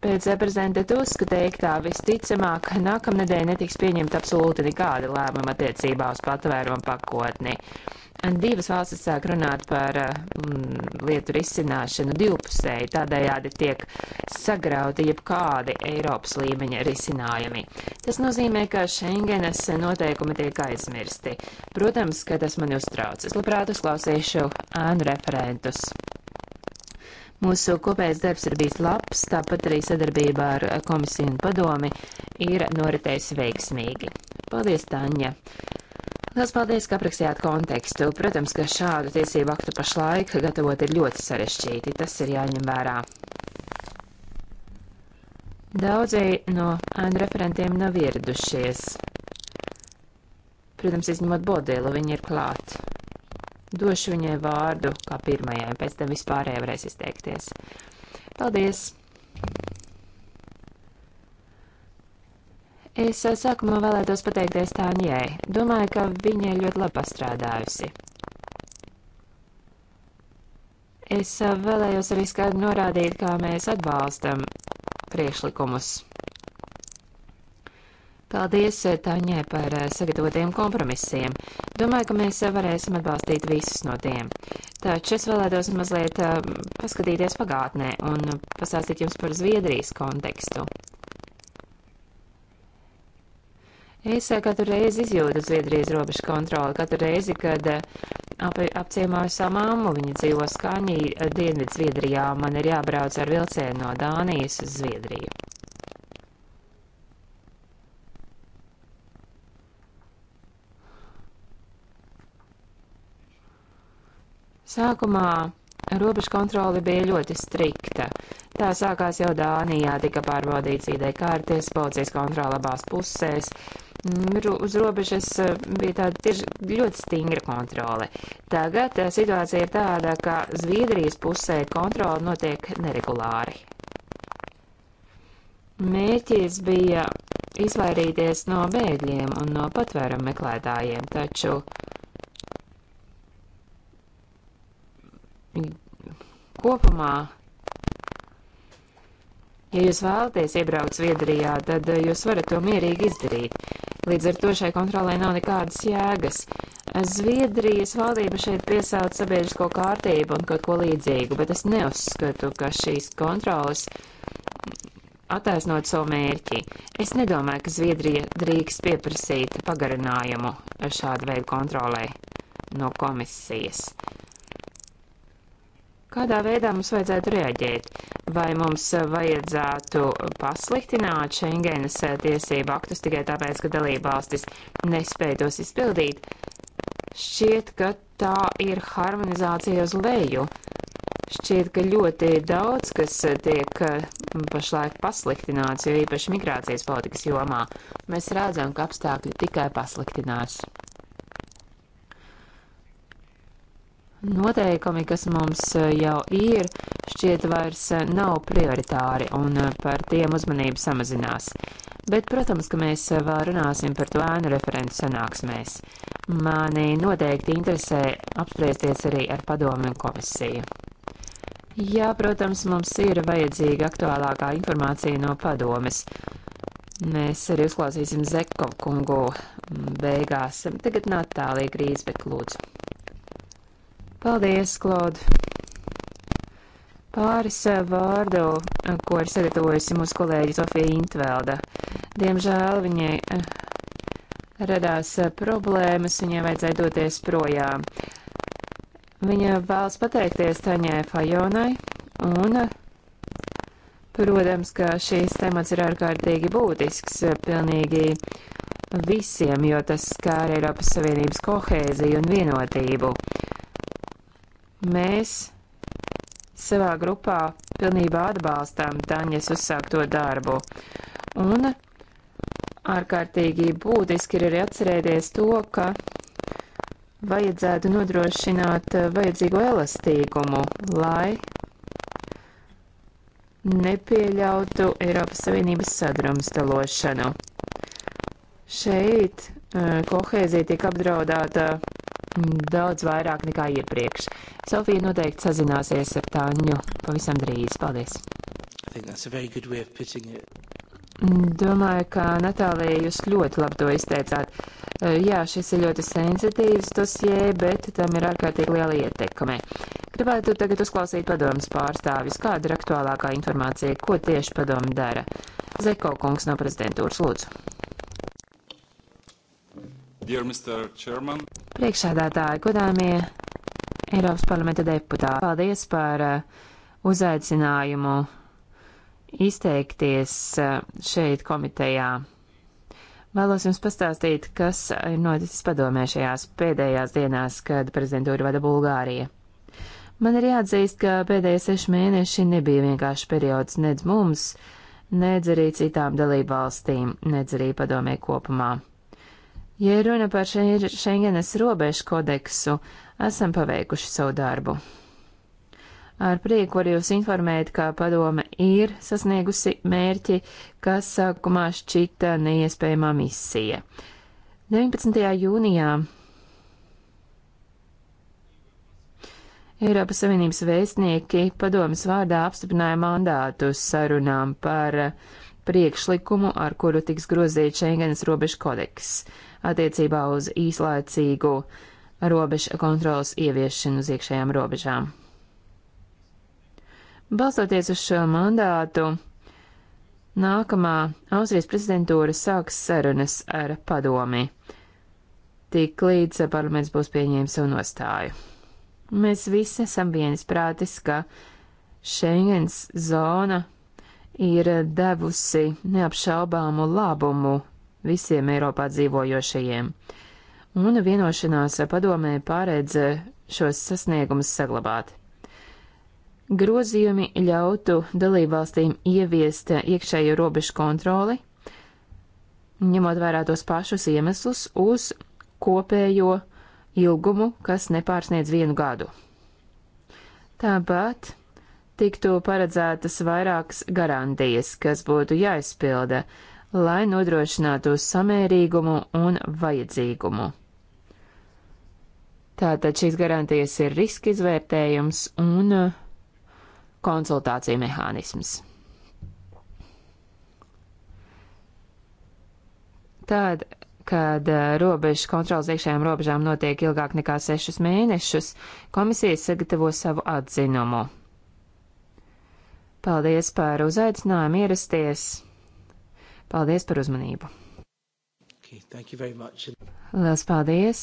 Pēc prezidenta Tuska teiktā visticamāk nākamnedēļ netiks pieņemta absolūti nekāda lēmuma attiecībā uz patvērumu pakotni divas valstis sāk runāt par mm, lietu risināšanu divpusēji, tādējādi tiek sagrauti jebkādi Eiropas līmeņa risinājumi. Tas nozīmē, ka Schengenas noteikumi tiek aizmirsti. Protams, ka tas mani uztrauc. Es labprāt uzklausīšu ēnu referentus. Mūsu kopējais darbs ir bijis labs, tāpat arī sadarbībā ar komisiju un padomi ir noritējis veiksmīgi. Paldies, Taņa! Lielas paldies, ka aprakstījāt kontekstu. Protams, ka šādu tiesību aktu pašlaik gatavot ir ļoti sarežģīti. Tas ir jāņem vērā. Daudzi no ēnu referentiem nav ieradušies. Protams, izņemot Bodēlu, viņi ir klāt. Došu viņai vārdu kā pirmajai, pēc tam vispārējai varēs izteikties. Paldies! Es eh, sākumā vēlētos pateikties Tāņai. Domāju, ka viņa ļoti labi pastrādājusi. Es eh, vēlējos arī skaidri norādīt, kā mēs atbalstam priekšlikumus. Paldies eh, Tāņai par sagatavotiem kompromisiem. Domāju, ka mēs varēsim atbalstīt visus no tiem. Taču es vēlētos mazliet paskatīties pagātnē un pastāstīt jums par Zviedrijas kontekstu. Es eh, katru reizi izjūtu Zviedrijas robežu kontroli, katru reizi, kad eh, ap, apciemoju savu mammu, viņa dzīvo skaņī eh, Dienvidu Zviedrijā, man ir jābrauc ar vilcienu no Dānijas uz Zviedriju. Sākumā robežkontrole bija ļoti strikta. Tā sākās jau Dānijā, tika pārbaudīts ID kārties, policijas kontrola abās pusēs. Mm, uz robežas eh, bija tāda tieši ļoti stingra kontrole. Tagad eh, situācija ir tāda, ka Zviedrijas pusē kontrole notiek neregulāri. Mēķis bija izvairīties no bēgļiem un no patvērumu meklētājiem, taču uh, kopumā, ja jūs vēlaties iebraukt Zviedrijā, tad eh, jūs varat to mierīgi izdarīt. Līdz ar to šai kontrolē nav nekādas jēgas. Zviedrijas valdība šeit piesauc sabiedrisko kārtību un kaut ko līdzīgu, bet es neuzskatu, ka šīs kontrolas attaisnot savu mērķi. Es nedomāju, ka Zviedrija drīkst pieprasīt pagarinājumu šādu veidu kontrolē no komisijas. Kādā veidā mums vajadzētu reaģēt? Vai mums vajadzētu pasliktināt Schengenas tiesību aktus tikai tāpēc, ka dalībvalstis nespēja tos izpildīt? Šķiet, ka tā ir harmonizācija uz leju. Šķiet, ka ļoti daudz, kas tiek mm, pašlaik pasliktināts, jo īpaši migrācijas politikas jomā, mēs redzam, ka apstākļi tikai pasliktinās. Noteikumi, kas mums e, jau ir, šķiet vairs e, nav prioritāri un e, par tiem uzmanība samazinās. Bet, protams, ka mēs vēl runāsim par to ēnu referentu sanāksmēs. Mani noteikti interesē apspriesties arī ar padomu un komisiju. Jā, protams, mums ir vajadzīga aktuālākā informācija no padomes. Mēs arī uzklausīsim Zekov kungu beigās. Tagad Natālija Grīsbek lūdzu. Paldies, Klod! Pāris eh, vārdu, eh, ko ir sagatavojusi mūsu kolēģi Sofija Intvelda. Diemžēl viņai eh, radās problēmas, viņai vajadzēja doties projām. Viņa vēlas pateikties Taņai Fajonai un Protams, ka šīs temats ir ārkārtīgi būtisks pilnīgi visiem, jo tas skār Eiropas Savienības kohēziju un vienotību. Mēs savā grupā pilnībā atbalstām Taņas uzsākto darbu. Un ārkārtīgi būtiski ir arī atcerēties to, ka vajadzētu nodrošināt vajadzīgo elastīgumu, lai nepieļautu Eiropas Savienības sadrumstalošanu. Šeit eh, kohēzija tiek apdraudēta Mm, daudz vairāk nekā iepriekš. Sofija noteikti sazināsies ar Tāņu pavisam drīz. Paldies! Mm, domāju, ka Natālija jūs ļoti labi to izteicāt. E, jā, šis ir ļoti sensitīvs dosie, bet tam ir ārkārtīgi liela ietekme. Gribētu tagad uzklausīt padomas pārstāvis, kāda ir aktuālākā informācija, ko tieši padoma dara. Zeko kungs no prezidentūras lūdzu. Priekšsēdētāji, godājumie Eiropas parlamenta deputāti, paldies par uh, uzaicinājumu izteikties uh, šeit komitejā. Vēlos jums pastāstīt, kas ir noticis padomē šajās pēdējās dienās, kad prezidentūru vada Bulgārija. Man ir jāatzīst, ka pēdējie seši mēneši nebija vienkārši periods nedz mums, nedz arī citām dalībvalstīm, nedz arī padomē kopumā. Ja runa par Schengenes robežu kodeksu, esam paveikuši savu darbu. Ar prieku var jūs informēt, ka padome ir sasniegusi mērķi, kas sākumā šķita neiespējamā misija. 19. jūnijā Eiropas Savienības vēstnieki padomas vārdā apstiprināja mandātu sarunām par priekšlikumu, ar kuru tiks grozīts Schengenas robežu kodeks attiecībā uz īslaicīgu robežu kontrolas ieviešanu uz iekšējām robežām. Balstoties uz šo mandātu, nākamā Austrijas prezidentūra sāks sarunas ar padomi, tik līdz parlaments būs pieņēmis savu nostāju. Mēs visi esam viensprātis, ka Schengens zona ir devusi neapšaubāmu labumu visiem Eiropā dzīvojošajiem, un vienošanās padomē pārēdz šos sasniegumus saglabāt. Grozījumi ļautu dalībvalstīm ieviest iekšējo robežu kontroli, ņemot vērā tos pašus iemeslus uz kopējo ilgumu, kas nepārsniedz vienu gadu. Tāpat tiktu paredzētas vairākas garantijas, kas būtu jāizpilda, lai nodrošinātu samērīgumu un vajadzīgumu. Tātad šīs garantijas ir riska izvērtējums un uh, konsultāciju mehānisms. Tad, kad uh, robežu kontrols iekšējām robežām notiek ilgāk nekā sešus mēnešus, komisija sagatavo savu atzinumu. Paldies par uzaicinājumu ierasties. Paldies par uzmanību. Okay, Lielas paldies!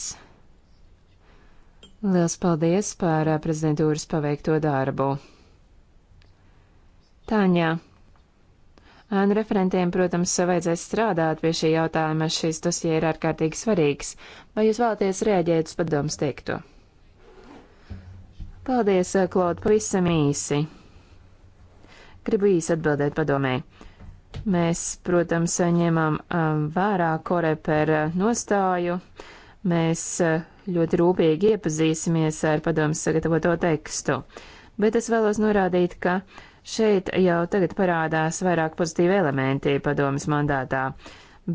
Lielas paldies par uh, prezidentūras paveikto darbu. Tāņā. Un referentiem, protams, vajadzēs strādāt pie šī jautājuma. Šis dosie ir ārkārtīgi svarīgs. Vai jūs vēlaties reaģēt uz padomus teikto? Paldies, uh, Klod, pavisam īsi. Gribu īsi atbildēt padomē. Mēs, protams, ņēmām um, vērā koreper uh, nostāju. Mēs uh, ļoti rūpīgi iepazīsimies ar padomu sagatavoto tekstu. Bet es vēlos norādīt, ka šeit jau tagad parādās vairāk pozitīvi elementi padomas mandātā.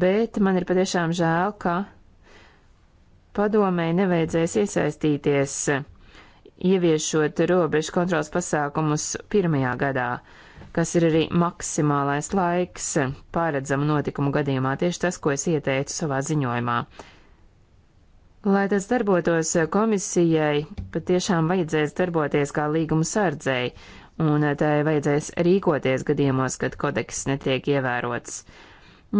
Bet man ir patiešām žēl, ka padomē nevajadzēs iesaistīties ieviešot robežu kontrols pasākumus pirmajā gadā kas ir arī maksimālais laiks pāredzamu notikumu gadījumā, tieši tas, ko es ieteicu savā ziņojumā. Lai tas darbotos komisijai, patiešām vajadzēs darboties kā līguma sardzēji, un tai vajadzēs rīkoties gadījumos, kad kodeks netiek ievērots.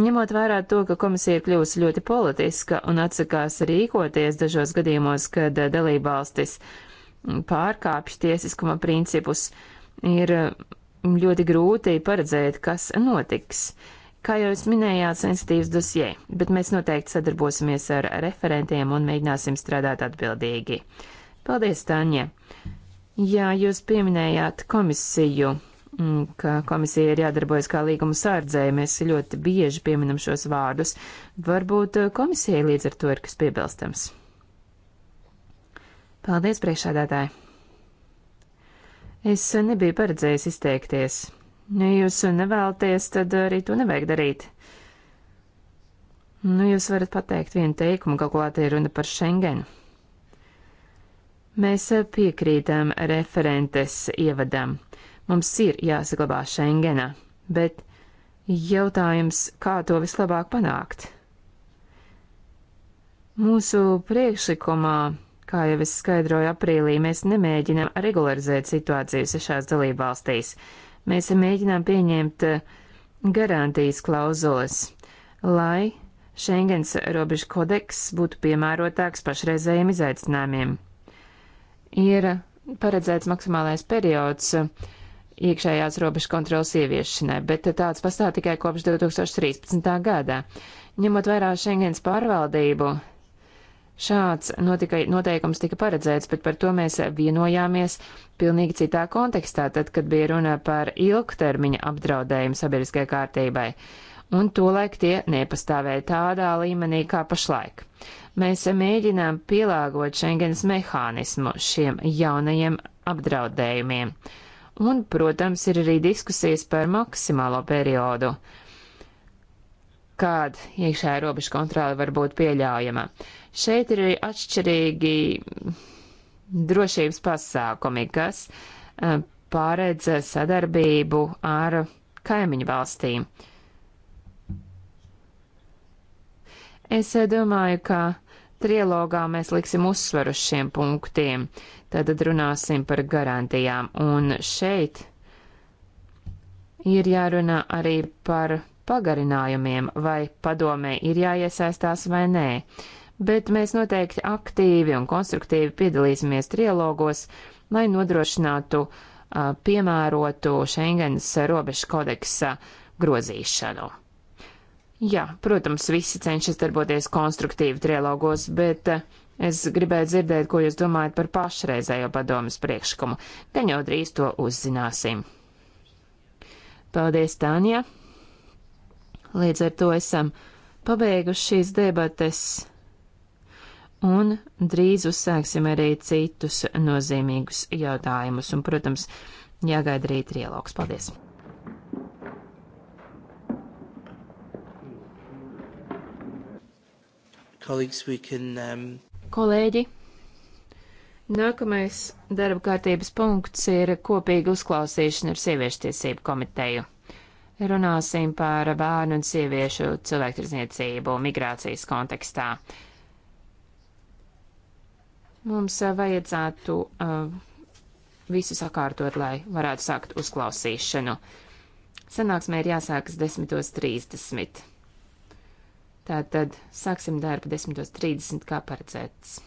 Ņemot vērā to, ka komisija ir kļuvusi ļoti politiska un atsakās rīkoties dažos gadījumos, kad dalībvalstis pārkāpj tiesiskuma principus, ir ļoti grūti paredzēt, kas notiks. Kā jau jūs minējāt, sensitīvs dosie, bet mēs noteikti sadarbosimies ar referentiem un mēģināsim strādāt atbildīgi. Paldies, Tāņa! Jā, jūs pieminējāt komisiju, mm, ka komisija ir jādarbojas kā līguma sārdzēja, mēs ļoti bieži pieminam šos vārdus. Varbūt eh, komisijai līdz ar to ir kas piebilstams. Paldies, priekšādātāji! Es nebiju paredzējis izteikties. Ja jūs nevēlaties, tad arī to nevajag darīt. Nu, jūs varat pateikt vienu teikumu, kaut kā te ir runa par Schengenu. Mēs piekrītam referentes ievadam. Mums ir jāsaglabā Schengena, bet jautājums, kā to vislabāk panākt? Mūsu priekšlikumā Kā jau es skaidroju aprīlī, mēs nemēģinām regularizēt situāciju sešās dalībvalstīs. Mēs mēģinām pieņemt eh, garantijas klauzulas, lai Schengens robežu kodeks būtu piemērotāks pašreizējiem izaicinājumiem. Ir paredzēts maksimālais periods eh, iekšējās robežu kontrolas ieviešanai, bet tāds pastāv tikai kopš 2013. gadā. Ņemot vērā Schengens pārvaldību, Šāds notika, noteikums tika paredzēts, bet par to mēs vienojāmies pilnīgi citā kontekstā, tad, kad bija runa par ilgtermiņa apdraudējumu sabiedriskajai kārtībai. Un tolaik tie nepastāvēja tādā līmenī kā pašlaik. Mēs mēģinām pielāgot Schengens mehānismu šiem jaunajiem apdraudējumiem. Un, protams, ir arī diskusijas par maksimālo periodu kad iekšējā robeža kontrole var būt pieļaujama. Šeit ir arī atšķirīgi drošības pasākumi, kas eh, pārēdz sadarbību ar kaimiņu valstīm. Es eh, domāju, ka trilogā mēs liksim uzsvaru uz šiem punktiem, tad runāsim par garantijām. Un šeit ir jārunā arī par pagarinājumiem, vai padomē ir jāiesaistās vai nē, bet mēs noteikti aktīvi un konstruktīvi piedalīsimies trialogos, lai nodrošinātu piemērotu Schengens robežu kodeksa grozīšanu. Jā, protams, visi cenšas darboties konstruktīvi trilogos, bet es gribēju dzirdēt, ko jūs domājat par pašreizējo padomas priekšlikumu. Gan jau drīz to uzzināsim. Paldies, Tānija! Līdz ar to esam pabeiguši šīs debates un drīz uzsāksim arī citus nozīmīgus jautājumus. Un, protams, jāgaida arī trialogs. Paldies! Can, um... Kolēģi, nākamais darba kārtības punkts ir kopīga uzklausīšana ar Sieviešu tiesību komiteju runāsim par bērnu un sieviešu cilvēktirdzniecību migrācijas kontekstā. Mums eh, vajadzētu uh, visu sakārtot, lai varētu sākt uzklausīšanu. Sanāksmē ir jāsākas 10.30. Tātad sāksim darbu 10.30 kā paredzēts.